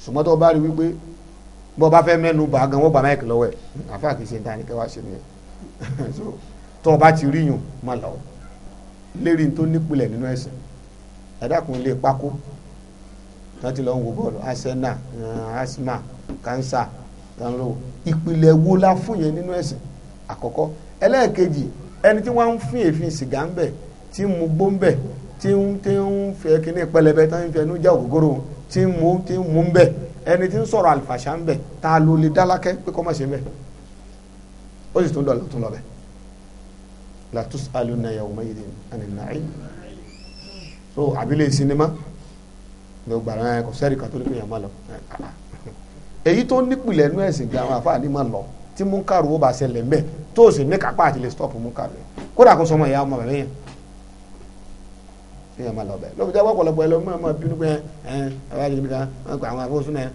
ṣùgbọ́n tó bá rí wípé bọ́ bá fẹ́ mẹ́nu bá gan wọ́n gba máìkì lọ́wọ́ ẹ̀ àfa kìí ṣe dání kẹwàá ṣe nìyẹn so tó o bá ti rí yùn má lọ lérí tó nípìnlẹ̀ nínú ẹ̀sìn ẹ̀dàkùn lè pákó tó ti lọ ń wo bọ́ọ̀lù arsenal asthma cancer tanro ìpìlẹ̀ wo la fún yẹn nínú ẹ̀sìn àkọ́kọ́ ẹlẹ́ẹ̀kejì ẹni tí wọ́n ń fún èéfín sìgá ń bẹ̀ tí mo gbó ń bẹ̀ tí ń tí ń fẹ́ kíní pẹlẹbẹ tí ń fẹ́ nu jẹ́ ògógóró tí ń mú tí ń mú ń bẹ̀ ẹni tí ń sọ̀rọ̀ àlùfàṣà ń bẹ̀ ta ló lè dálákẹ́ pé kọ́ mọ̀ ṣe ń bẹ̀ ó sì tún dọ̀lọ́ tún lọ bẹ̀ latus aluna yawma yidin ani nai so abilé sinimá ló gbàrà ẹ kò sẹ́rí kàtólíkì yẹn má lọ ah, ah. èyí tó nípìnlẹ̀ nú ẹ̀sìn gbé àwọn àfáà ní má lọ tí múnkàrú ó bá ṣẹlẹ̀ ń bẹ̀ tó o sì ní kápá àti lè stop múnkàrú kódà kó sọmọ ìyá ọmọ bẹ̀rẹ̀ yẹn ní ẹ̀ma lọ́bẹ̀ lọ́bi jẹ́ wọ́pọ̀lọpọ̀ ẹ lọ mọ́ ọmọ bínú pé ẹ ẹ̀rọ ìdílé kan wọ́n pa àwọn afọ́sùn náà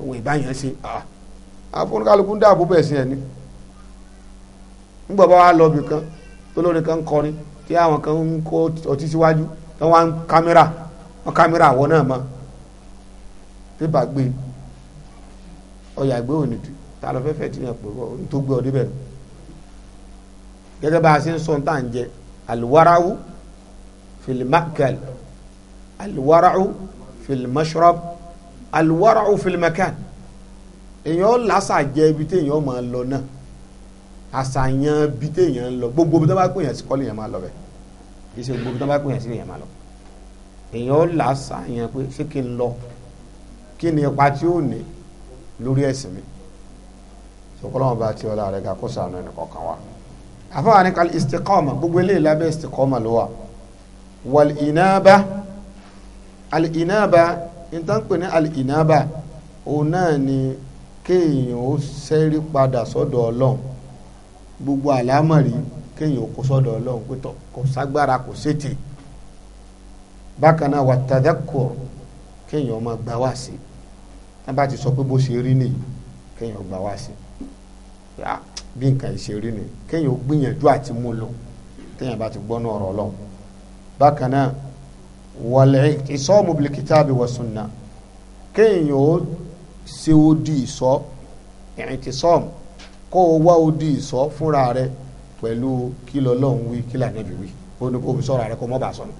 òun ìbáyàn ṣe afọ́nkálukú ń dáàbò bẹ̀ sí ẹ̀ ní. ńgbọ̀ bá wa lọ́bì kan tó lórí kan kọrin tí àwọn kan ń kó ọtí síwájú tí wọ́n ń kámẹ́rà wọ́n kámẹ́rà àwọ̀ náà mọ́ pépà gbé ọyà gbé ònìdì tá a lọ fẹ́fẹ́ ti yàn pé òun tó gbé ọ gẹ́gẹ́ bá a ṣe ń sọ ní tà ń jẹ filimakal aliwaracu filimashrob aliwaracu filimakan èèyàn lásà jẹ ibi téèyàn máa lọ náà àṣàyàn ibi téèyàn ń lọ gbogbo ibi tó bá pè yàn sí kọ́lé yẹn máa lọ bẹ̀ kì í ṣe gbogbo ibi tó bá pè yàn sí yẹn máa lọ èèyàn làṣàyàn pé ṣé kí n lọ kí ni ipa tí ó ní lórí ẹ̀sìn mi sọkọlọ́wọ́n bá ti ọlá rẹ̀ ga kó sànù ẹnì kọ̀ọ̀kan wa àfọwọ́ àníkàlẹ̀ istiqama gbogbo eléyìí lábẹ́ istiqama ló wà wàlìnàbà alìnàbà ìtànpè ní alìnàbà òun náà ni kéèyàn ó ṣẹ́rí padà sọ́dọ̀ ọlọ́run gbogbo àlámọ̀rí kéèyàn ó kó sọ́dọ̀ ọlọ́run pétọ́ kò ságbára kò sétí bákan náà wàtàdákọ̀ kéèyàn ó máa gbà wá sí tá bá ti sọ pé bó ṣe rí nìyí kéèyàn gbà wá sí bí nǹkan ìṣe rí nìyí kéèyàn ó gbìyànjú àti mú lò téèyàn bá ti gbọ́nú ọ̀rọ̀ ọlọ́run bákan náà wàlẹ̀ ìsọ́ọ̀mù bilikitaabi wa sunna kéèyàn ó ṣe odi ìsọ́ ìrìntìsọ́ọ̀mù kó o wá odi ìsọ́ fúnra rẹ pẹ̀lú kí lọ́lọ́run wí kí lànàbí wí ó ní kó o fi sọ̀rọ̀ rẹ kó o bá a sọ̀nù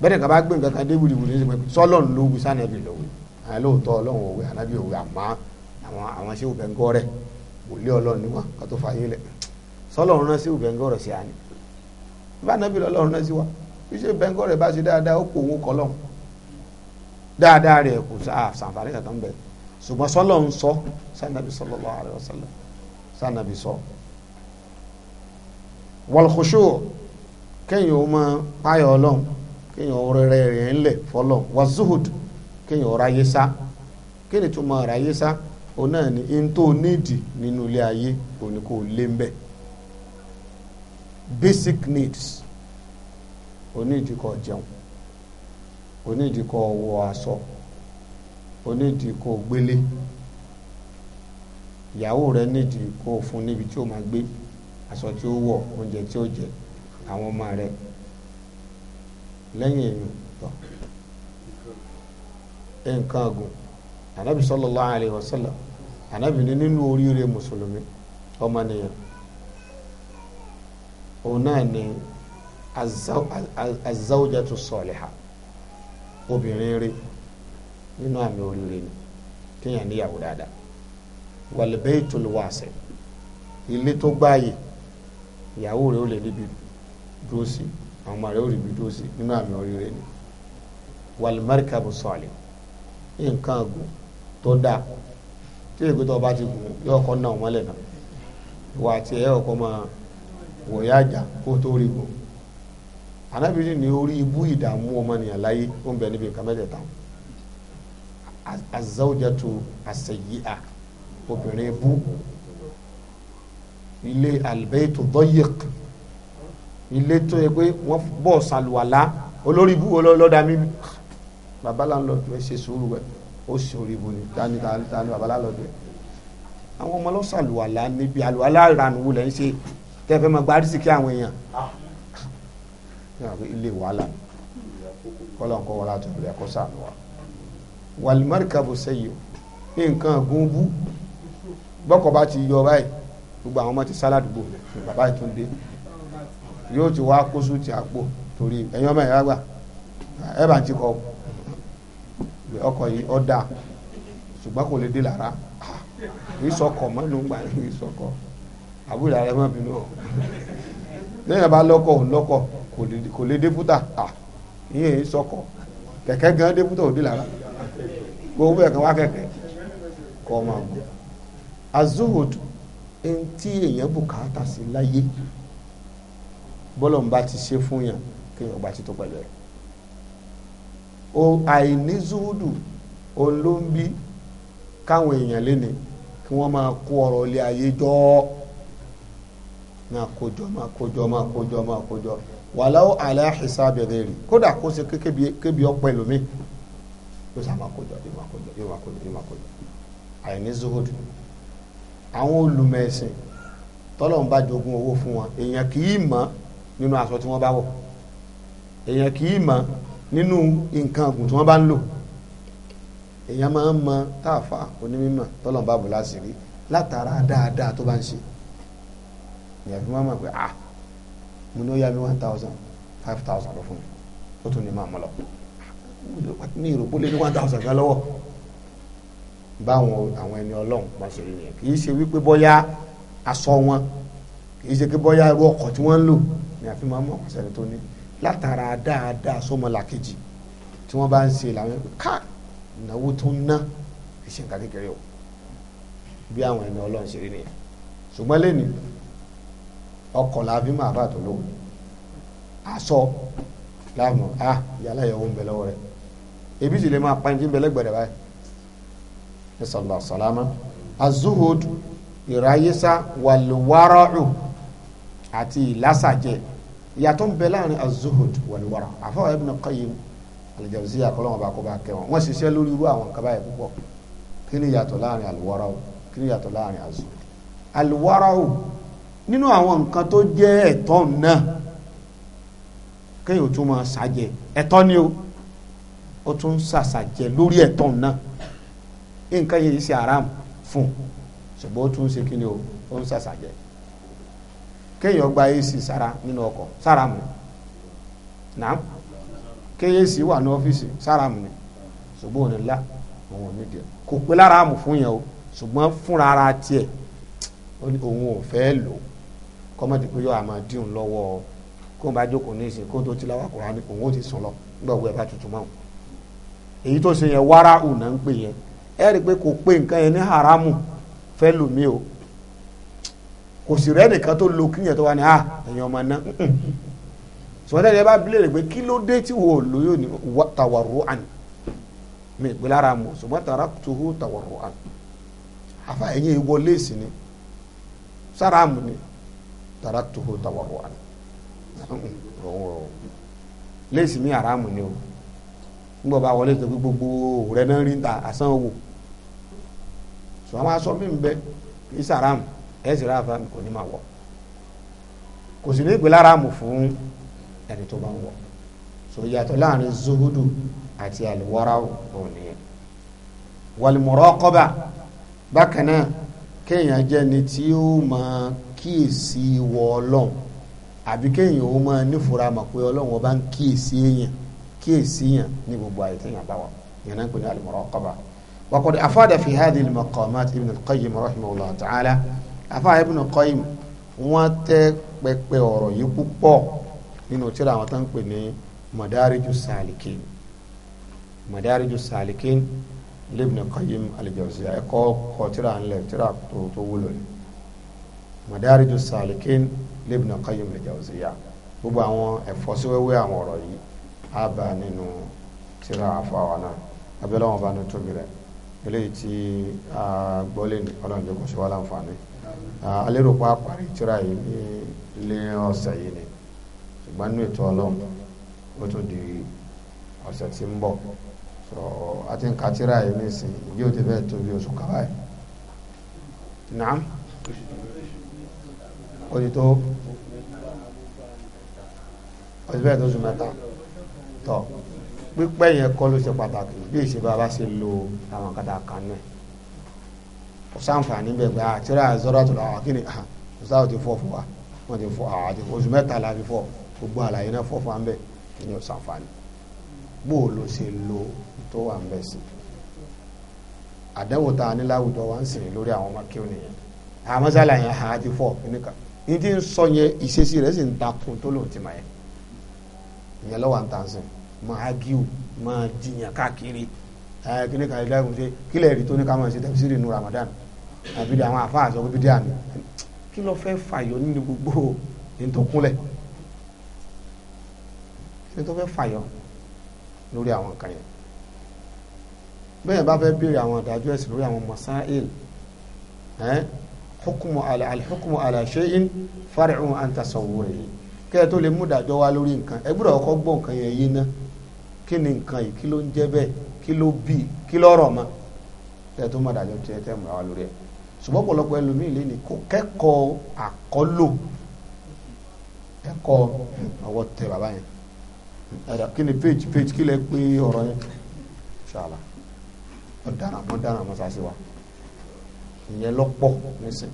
bẹ́ẹ̀ kaba gbé nǹkan kan dé wìlìwìlì ní sẹ́pẹ́ sọ́lọ́n ló wí sànàbí ló wí àwọn lóòótọ́ ọlọ́run òwe ànábì òwe àmọ́ àwọn àwọn sí òbẹ̀ngọ́ rẹ̀ wòlé ọlọ́run níwọ̀n kó tó lẹ̀ sọ́lọ́run náà sí òbẹ̀ngọ́ rẹ̀ sí àná bánabi lọ́lọ́run náà sí wa bí ṣe bẹ́ńkọ́ rẹ̀ bá ṣe dáadáa ó kó òun kọ́ lọ́hùn dáadáa rẹ̀ kò sàǹfààní kankan bẹ̀ ṣùgbọ́n sọ́lọ́ ń sọ sànàbí sallallahu alaihi wasallam sànàbí sọ. wal khushu kéèyàn ó máa páyọ̀ ọlọ́run kéèyàn ó rẹ̀ rẹ̀ ńlẹ̀ fọlọ́ wa zuhud sá kéèyàn tó máa ráyé sá òun náà ni in tó nídìí nínú ilé ayé òun kò lé ń bẹ́ẹ̀ basic needs onídìíkọ jẹun onídìíkọ wọ aṣọ onídìíkọ gbélé ìyàwó rẹ nídìí fún níbi tí o máa gbé aṣọ tí wọ oúnjẹ tí o jẹ àwọn ọmọ rẹ lẹ́yìn èèyàn tọ nǹkan ọgùn anabi sallallahu alaihi wasallam anabi ní nínú oríire mùsùlùmí ona náà ni azawjatu sọliha obìnrin rí nínú àmì oríire ni kéèyàn níyàwó dáadáa wal baytul ilé tó gbáàyè ìyàwó rẹ̀ ó lè níbi dúró sí àwọn ọmọ rẹ̀ ó lè níbi dúró sí nínú àmì oríire ni wal markabu salih nǹkan àgùn tó dáa tí èkó tó bá ti gùn yóò kọ́ náà náà ẹ̀ máa. wọ̀yá àjà kó tó rí gbò anábìrin ni orí ibú ìdààmú ọmọnìyàn láyé ó ń bẹ níbi nǹkan mẹ́tẹ̀ẹ̀ta azawjatu asayi'a obìnrin bú ilé albaitu dayiq ilé tó yẹ pé wọ́n bọ̀ ṣàlùwàlá olórí ibú olóòlọ́dà mímu babaláńlọ́dù ẹ ṣe sùúrù ẹ ó sì orí ibú ni tani tani babaláńlọ́dù ẹ àwọn ọmọ lọ́sàlùwàlá níbi àlùwàlá ìranùwò lẹ́ ń ṣe tẹ́ fẹ́ máa gba arísìkí àwọn èèyàn ah. ilé wàhálà kọ́lọ́nkọ́ wọlé àtúntò rẹ̀ kó sànù wa wàlímárìkàbò sẹ́yìn ní nǹkan gún bú bọ́kọ̀ bá ti yọ báyìí gbogbo àwọn ọmọ ti sáládùúgbò bàbá ìtúndé yóò ti wá kóṣù ti àpò torí ẹ̀yin ọmọ ìyá gbà ẹ bá ti kọ ọkọ̀ yìí ọ̀dà ṣùgbọ́n kò lè dé lára ah. kì í sọkọ̀ mọ́nú gbà kì àbúrò ààrẹ mọ́ bínú o lẹ́yìn bá lọ́kọ̀ ò lọ́kọ̀ kò lè débútà à ìyẹn èyí sọkọ̀ kẹ̀kẹ́ gan débútà òde lára gbogbo ẹ̀ kan wá kẹ̀kẹ́ kọ́ máa gbọ́ azuhud ń tí èèyàn bùkátà sí láyé bọ́lọ̀mbá ti ṣe fún yàn kéèyàn ọgbà títọ́ pẹ̀lú ẹ̀ o àìní zuhudu òun káwọn èèyàn léni kí wọ́n máa kó ọrọ̀ ilé ayé jọ́ máa kójọ máa kójọ máa kójọ máa kójọ wàláwó aláhìsá bẹ̀rẹ̀ rè kódà kó se kébi ọ̀pọ̀ ẹlòmíì ló sá máa kójọ yóò máa kójọ yóò máa kójọ yóò máa kójọ àìní zuhud àwọn olùmẹ̀sìn tọ́lọ́run bá jogún owó fún wọn èèyàn kì í mọ̀ nínú aṣọ tí wọ́n bá wọ̀ èèyàn kì í mọ̀ nínú nǹkan ọ̀gùn tí wọ́n bá ń lò èèyàn máa ń mọ táàfà onímọ̀ tọ́lọ́run bá bù láṣìírí látara dáadáa tó bá ń ṣe ìyá fi máa mọ̀ pé ah mo ní ó yá mi one thousand five thousand lọ fún mi ó tún ní máa mọ̀ lọ mi ì rò lé ní one thousand kan lọ́wọ́ báwọn àwọn ẹni ọlọ́run bá ṣe rí yẹn kì í ṣe wípé bọ́yá aṣọ wọn kì í ṣe pé bọ́yá irú ọkọ̀ tí wọ́n ń lò ni àfi máa ń mọ̀ ọ̀sẹ̀ tó ní látara dáadáa sọmọlàkejì tí wọ́n bá ń ṣe làwọn ẹgbẹ́ ká ìnáwó tó ń ná kì kékeré o bí àwọn ẹni ọlọ́run ṣe rí nìyẹn ṣùgbọ́n lẹ́nu ọkọ̀ la fi máa bá tó lò aṣọ láàmú a yàrá ìyàwó ń bẹ lọ́wọ́ rẹ̀ ebi sì lè máa pa ẹni bẹ́lẹ́ gbẹ̀rẹ̀ báyìí ní sọlá sọlámà azuhud ìráyésá wàlúwárọ̀ù àti ìlásàjẹ ìyàtọ̀ ń bẹ láàrin azuhud wàlúwárọ̀ àfọwọ́ Ibn Qayyim al-Jawziyya àkọlọ́wọ́n bá kó bá kẹwọn wọ́n ṣiṣẹ́ lórí irú àwọn kaba yẹn púpọ̀ kí ni yàtọ̀ láàrin alùwárọ̀ù kí ni yàtọ̀ láàrin azuhud alùwárọ̀ù nínú àwọn nǹkan tó jẹ́ ẹ̀tọ́ náà kéèyàn tún máa ṣàjẹ ẹ̀tọ́ ni o ó tún ṣàṣàjẹ lórí ẹ̀tọ́ náà nǹkan yìí ṣe haram fún ṣùgbọ́n ó tún ṣe kí ni o ó ń ṣàṣàjẹ kéèyàn gba ac sára nínú ọkọ̀ sára mu náà kéèyèsí wà ní ọ́fíìsì sára mu ni ṣùgbọ́n òní ńlá òun ò ní díẹ̀ kò pé lára mu fún yẹn o ṣùgbọ́n fúnra ara tiẹ̀ òun ò fẹ́ lò ó kọ́mọ̀dé pé yóò àmọ́ dín lọ́wọ́ kó n bá jókòó ní ìsìn kó tó ti láwà kúránì kò wọ́n ti sùn lọ nígbà wo ẹ̀ bá tutù mọ́ èyí tó ṣe yẹn wára ù náà ń pè yẹn ẹ rí i pé kò pé nǹkan yẹn ní haramu fẹ́ lòmí o kò sì rẹ́ nìkan tó lo kíyàn tó wà ní à ah, ẹ̀yìn ọmọ náà sọ̀rọ̀ ẹ̀ bá bílẹ̀ rẹ̀ pé kí ló dé tí wò lóyún ní tàwárò àná mi ìpè lára mu ṣùgbọ́n tàrà tuhu tàwárò àná àfa ẹ̀yìn ìwọlé ìsìn ni sára ni taratuhu tawarruan léèsì mi àràmù ni o nígbà bá wọlé tó gbogbo rẹ náà rí ta àsán owó sọ àwọn aṣọ mi ń bẹ kí sàràmù ẹ sì kò ní máa wọ kò sì ní ìpìlẹ̀ àràmù fún ẹni tó bá wọ so yàtọ̀ láàrin zuhudu àti àlùwárà òun nìyẹn wal muraqaba bákan náà kéèyàn jẹ́ ni tí ó máa kíyèsí wọ ọlọ́run àbí kéèyàn ó máa nífura mọ̀ pé ọlọ́run ọba ń kíyèsí èèyàn kíyèsí èèyàn ní gbogbo àyè téèyàn bá wà yẹn náà ń pè ní al-muraqaba wa qad afada fi hadhihi al-maqamat ibn al-qayyim rahimahullah ta'ala afa ibn al-qayyim wọ́n tẹ́ pẹpẹ ọ̀rọ̀ yìí púpọ̀ nínú tírà àwọn tó pè ní madariju salikin madariju salikin libn qayyim al-jawziyya ẹ̀kọ́ kọ tírà ńlẹ̀ tírà tó wúlò ni. Madariju Salikin Ibn Qayyim al-Jawziyya gbogbo àwọn ẹ̀fọ́síwẹ́wẹ́ àwọn ọ̀rọ̀ yìí á bá nínú tírà àfọwọ́ náà abẹ́lẹ́ wọn bá ní tóbi rẹ̀ eléyìí tí a gbọ́ lé ní ọlọ́run jẹ́ kó ṣe wá láǹfààní alérò pa àparí tírà yìí ní ilé ọ̀sẹ̀ yìí ni ṣùgbọ́n nínú ètò ọlọ́run ó tún di ọ̀sẹ̀ tí ń bọ̀ so àti ń ka tírà yìí nísìnyí yóò ti fẹ́ tóbi oṣù kàwáì nàám ó ti tó ó ti bẹ́ẹ̀ tó oṣù mẹ́ta tọ́ pípẹ́ yẹn kọ́ ló ṣe pàtàkì bí ìṣe bàbá ṣe lo àwọn kàtà kan náà kò sáǹfààní bẹ́ẹ̀ gba àtìrà zọ́rọ̀tò làwọn kí ni kò ah, sáà ti fọ́ fún wa wọ́n ti fọ́ àwọn ah, àti oṣù mẹ́ta la fi fọ́ gbogbo àlàyé náà fọ́ fún wa kí ni kò sáǹfààní bó o lo ṣe lo tó wà ń bẹ̀ sí i àdánwò tá a ní láwùjọ wa ń sìn lórí àwọn ọmọ kí o nìyẹn àmọ́sálà yẹn àti ah, fọ́ nìkan ní ti ń sọ yẹn ìṣesí rẹ̀ sì ń takùn tó lòun ti mà yẹn ìyẹn lọ́wọ́ à ń tàn sìn máa gíw máa jiyàn káàkiri ẹ kíni kan ẹgbẹ́ ìgbìmọ̀ ṣe kílẹ̀ rí tó ní ṣe tẹ̀síìrì nu Ramadan àbí àwọn àfáà sọ pé bídí àmì kí ló fẹ́ fàyọ nínú gbogbo ní tó kúnlẹ̀ kí ni tó fẹ́ fàyọ lórí àwọn nǹkan yẹn bẹ́ẹ̀ bá fẹ́ béèrè àwọn ìdájọ́ ẹ̀sìn lórí àwọn masail ẹ́ hukumu ala alihukumu ala ṣeyin far'un an tasawwurihi kẹ́ẹ̀ tó lè mú ìdájọ́ wá lórí nǹkan ẹ gbọ́dọ̀ ọkọ gbọ́ nǹkan yẹn yé ná kí ni nǹkan yìí kí ló ń jẹ́ bẹ́ẹ̀ kí ló bí kí ló rọ̀ mọ́ kẹ́ẹ̀ tó mú ìdájọ́ tiẹ̀ tẹ́ múra wá lórí ẹ̀ ṣùgbọ́n pọ̀lọpọ̀ ẹlòmíì lé ní kó kẹ́kọ̀ọ́ àkọ́lò ẹ̀kọ́ ọwọ́ tẹ bàbá yẹn ẹ̀dà kí ni page page kí lẹ pé ọ̀rọ̀ yẹn ṣàlà ọ̀daràn mọ́ daràn mọ́ sá ìyẹn lọ́pọ̀ nísìn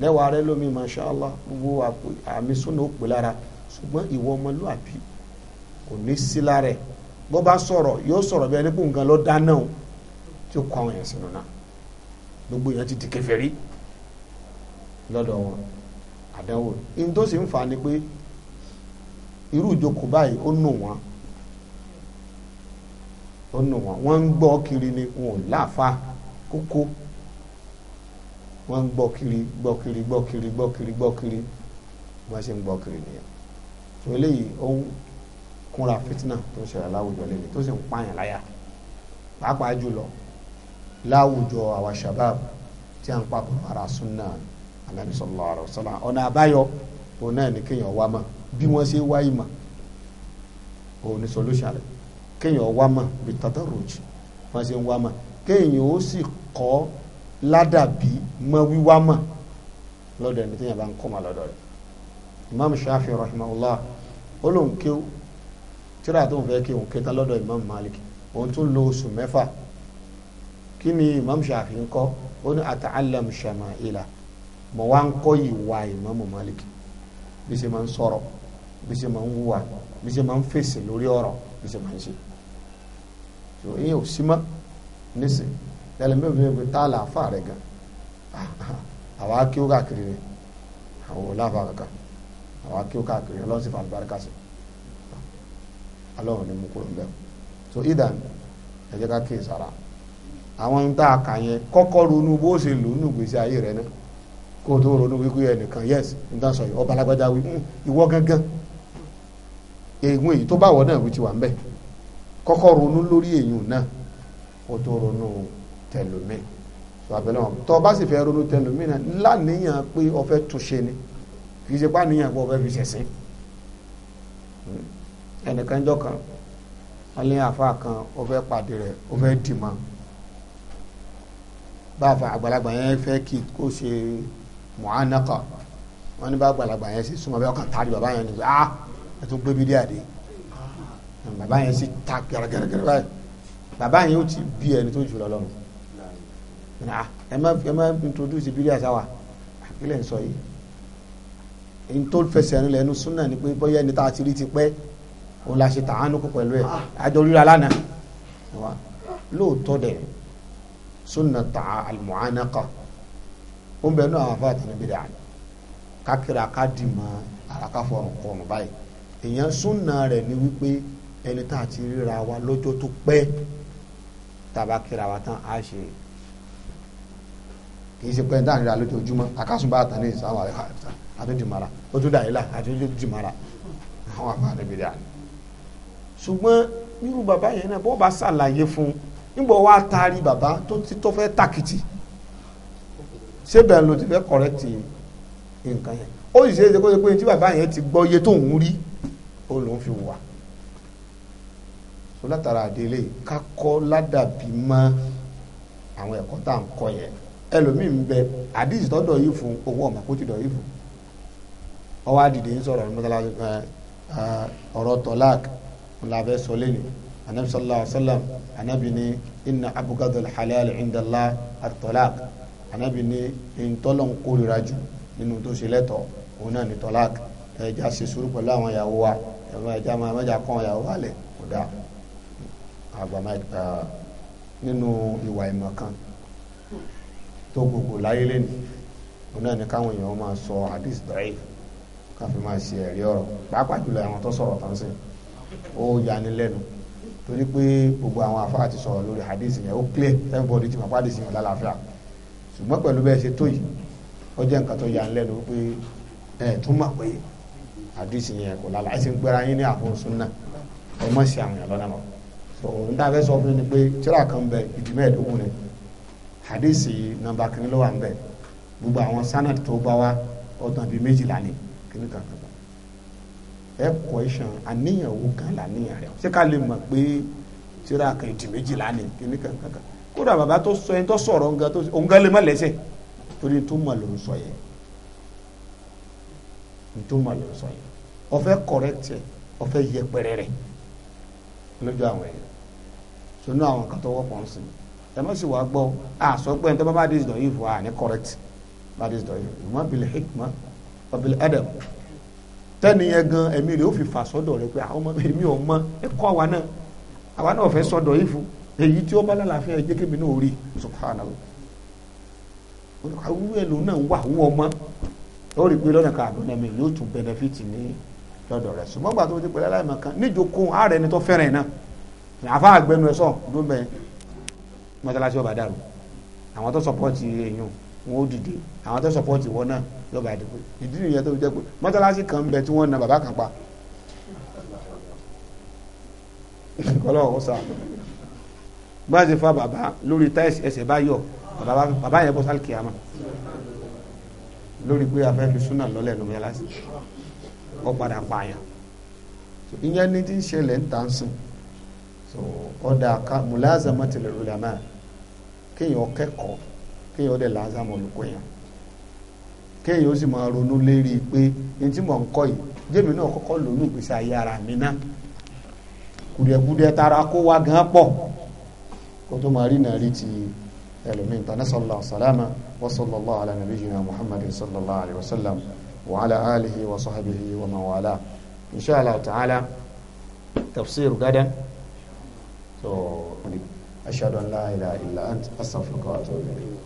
lẹ́wọ̀ ààrẹ lómi gbogbo àmì súnà ó pè lára ṣùgbọ́n ìwọ ọmọlúàbí kò ní sí lára ẹ̀ bó bá sọ̀rọ̀ yóò sọ̀rọ̀ bí ẹni o tí ó kọ àwọn sínú náà gbogbo ti di kèfèrí lọ́dọ̀ wọn àdánwò tó sì ń fà á ni pé irú ìjókòó báyìí ó nù wọn ó kiri ni wọn ò wọ́n ń gbọ́ kiri gbọ́ kiri gbọ́ kiri gbọ́ kiri gbọ́ kiri wọ́n ṣe ń gbọ́ kiri nìyẹn tó eléyìí ó ń kúnra fitna tó ń ṣẹlẹ̀ láwùjọ lẹ́nu tó sì ń pààyàn láyà pàápàá jùlọ láwùjọ àwa shabab tí a ń pa bọ̀ ara sunna anabi sallallahu alaihi wasallam ọ̀nà àbáyọ òun náà ni kéèyàn wá mà bí wọ́n ṣe wá ìmọ̀ òun ni solution rẹ̀ kéèyàn wá mà bí tatarruj wọ́n ṣe ń wá mà kéèyàn ó sì kọ́ ládàbí mọ wíwá mọ lọ́dọ̀ ẹni téèyàn bá ń kọ́ mọ lọ́dọ̀ rẹ̀ imam shafi rahimahullah ó lóun kéwú tíra tó ń fẹ́ kí òun kéta lọ́dọ̀ imam malik òun tún lo oṣù mẹ́fà kí ni imam shafi ń kọ́ ó ní ata'allam shama'ila mọ̀ wá ń kọ́ ìwà imam malik bí ṣe máa ń sọ̀rọ̀ bí ṣe máa ń wùwà bí ṣe máa ń fèsì lórí ọ̀rọ̀ bí ṣe máa ń ṣe so ìyẹn ò sí mọ́ nísìnyí. ẹlẹ́mi obìnrin taala afọ a là ga rẹ̀ gan àwa kí ó káàkiri ni àwọn oláfa kankan àwa kí ó káàkiri so idan ẹ jẹ́ àwọn ń a yẹn kọ́kọ́ ronú bó ṣe lò nínú ìgbésí ayé rẹ náà kó o tó ronú wípé yẹs n yìí wí hmm, gángan tó bá wọ náà wí ti wà ń tẹlomi sọ abẹ́lẹ́ wọn tọ́ bá sì fẹ́ ronú tẹlomi náà láníyàn pé o fẹ́ túnṣe ni kì í ṣe pá níyàn pé o fẹ́ fi ṣẹ̀sìn hmm. ẹnìkan jọ kan alẹ́ àfa kan o fẹ́ pàdé rẹ̀ o fẹ́ dì mọ́ bá àgbàlagbà yẹn fẹ́ kí kó ṣe mọ̀ánàkà wọn ní bá àgbàlagbà yẹn sì súnmọ́ bẹ́ẹ̀ ọkàn tàbí bàbá yẹn ni ah ẹ̀ tún gbé bídí àdé bàbá yẹn sì ta gẹ̀rẹ́gẹ̀rẹ́ báyìí bàbá yẹn ó ti bí ẹni tó jù lọ lọ́rùn Ah, ẹ má ẹ má introduce bílíà sáwà àkílẹ̀ ń sọ yìí n tó fẹsẹ̀ rìn lẹ́nu súnà ni pé bóyá ẹni tá a ti rí ti pẹ́ òun la ṣe tàánú kó pẹ̀lú ẹ̀ àjọ ríra lánàá lóòótọ́ dẹ̀ súnà tàá àlùmọ́ánákà ó ń bẹ náà àwọn afáàtì níbi dà kákìrà ká dì mọ́ àràkàfọ̀rùn kọ̀ọ̀rùn báyìí èèyàn súnà rẹ̀ ni wípé ẹni tá a ti ríra wa lọ́jọ́ tó pẹ́ tàbá kíra wa tán á ṣe kì í ṣe pé dáhùn rà lójoojúmọ́ akásùnbà àtàn ní ìsàwọn àrẹ àtúndìmọ́ra ó tún dà yín là àtúndìmọ́ra àwọn àbá rẹ̀ bìrì àná. ṣùgbọ́n irú bàbá yẹn náà bó bá ṣàlàyé fún un nígbà wàá taari bàbá tó ti tó fẹ́ tàkìtì ṣé bẹ́ẹ̀ ló ti fẹ́ kọ̀rẹ́tì nǹkan yẹn ó sì ṣe é ṣe kó ṣe pé tí bàbá yẹn ti gbọ́ iye tóun rí òun lòún fi wà so látara àdélé kakọ́ ládàbí mọ́ àwọn ẹ̀kọ́ tá à ń kọ́ yẹn ẹlòmíì ń bẹ àdìsí tọ́dọ̀ yìí fún owó ọ̀mà kó ti dọ̀ yìí fún ọwọ́ àdìdì ń sọ̀rọ̀ mọ́tàlájú ọ̀rọ̀ tọ́lák ńláfẹ́ sọ anabi sallallahu alayhi wa sallam anabi ni inna abgadul halal indala atọ́lák anabi ni intolong kuliraju jù nínú tó ṣe ni tọ́lák ẹja ṣe sùúrù pẹ̀lú àwọn ìyàwó wa ẹja máa mẹ́jà kọ́ àwọn ìyàwó wa lẹ̀ kódà àgbàmọ́ nínú ìwà ìmọ̀ kan. tó gbogbo láyé lẹ́nu òun náà ni káwọn èèyàn máa sọ hadith da'if káfí máa ṣe ẹ̀rí ọ̀rọ̀ pàápàá jùlọ àwọn tó sọ̀rọ̀ tán sìn ó yani lẹ́nu torí pé gbogbo àwọn afárá ti sọ̀rọ̀ lórí hadith yẹn ó clear everybody ti pàdé sí ṣùgbọ́n pẹ̀lú bẹ́ẹ̀ ṣe tó yìí ó jẹ́ nǹkan tó yani lẹ́nu pé ẹ̀ tún pé hadith yẹn kò ń gbéra yín ní sunna ẹ̀ mọ̀ sí àwọn èèyàn lọ́nà a hadisi nọ́mbà kìnìún ló wà ń bẹ gbogbo àwọn sanad tó bá wa ọ̀tàn bíi méjìlá ni kìnìún kan kan ẹ kọ́ iṣan àníyàn wo kan làníyàn rẹ ṣé ká lè mọ̀ pé tíra kan ìdì méjìlá ni kìnìún kan kan kódà bàbá tó sọ ẹni tó sọ̀rọ̀ nǹkan tó òun gan lè má lẹ́sẹ̀ torí tó mọ̀ ló ń sọ tó mọ̀ ló ń sọ yẹn ọ̀fẹ́ kọ̀rẹ́tì ọ̀fẹ́ yẹpẹrẹ lójú àwọn ẹ̀yẹ sọnù àwọn kan tó ẹ má sì wá gbọ́ àsọ pé nítorí bá dìsí dọ̀yìn fún wa ní correct bá dìsí dọ̀yìn fún wa bil hikma wa bil adab tẹ́ni yẹn gan ẹ̀mí rẹ̀ ó fi fà sọ́dọ̀ rẹ pé àwọn ọmọ èmi ò mọ ẹ kọ́ wa náà àwa náà fẹ́ sọ́dọ̀ yìí fún èyí tí ó bá lálàáfíà ẹ jẹ́ kébì náà rí subhanallah àwọn ẹlòmíràn náà wà wọ́n ọmọ ó rí i pé lọ́nà kan àbọ̀nà mi yóò tún benefit ní lọ́dọ̀ rẹ̀ ṣùgbọ́n gbà tó ti pẹ̀lú aláìmọ̀ kan níjókòó ààrẹ ni tó fẹ́ràn ẹ̀ náà àfa àgbẹnu ẹ̀ sọ̀ ló mẹ́rin mọ́tàlásí ọba dàrú àwọn tó sọpọ́ọ̀tì èèyàn wọn ó dìde àwọn tó sọpọ́ọ̀tì wọn náà lọ́ba àdìpé ìdí nìyẹn tó jẹ́ pé mọ́tàlásí kan bẹ tí wọ́n na bàbá kan pa kọ́lọ́ ọ̀hún sá bá a ṣe fa bàbá lórí táìsì ẹsẹ̀ bá yọ bàbá yẹn bọ́ sálkì àmà lórí pé afẹ́ fi súnà lọ́lẹ̀ ló mọ́tàlásí ọ padà pààyàn ìyẹn ní ti ń ṣẹlẹ̀ ń tà ń sìn so ọ̀dà ká mulazamatil ulama kéèyàn kẹ́kọ̀ọ́ kéèyàn ọ̀dẹ̀ làzàmọ̀ olùkọ́ yẹn kéèyàn ó sì máa ronú lérí pé ní tí mò ń kọ́ yìí jẹ́mi náà kọ́kọ́ lò ní ìgbésí ayé ara mi náà kùdìẹ̀kùdìẹ̀ tara kó wá gan pọ̀ kó tó máa rí náà rí ti ẹlòmíín tán sallallahu salama wa sallallahu ala nabiyyina muhammadin sallallahu alaihi wasallam wa ala alihi wa sahbihi wa man wala insha Allah ta'ala tafsir gadan so ashhadu an la ilaha illa ant astaghfiruka wa atubu ilayk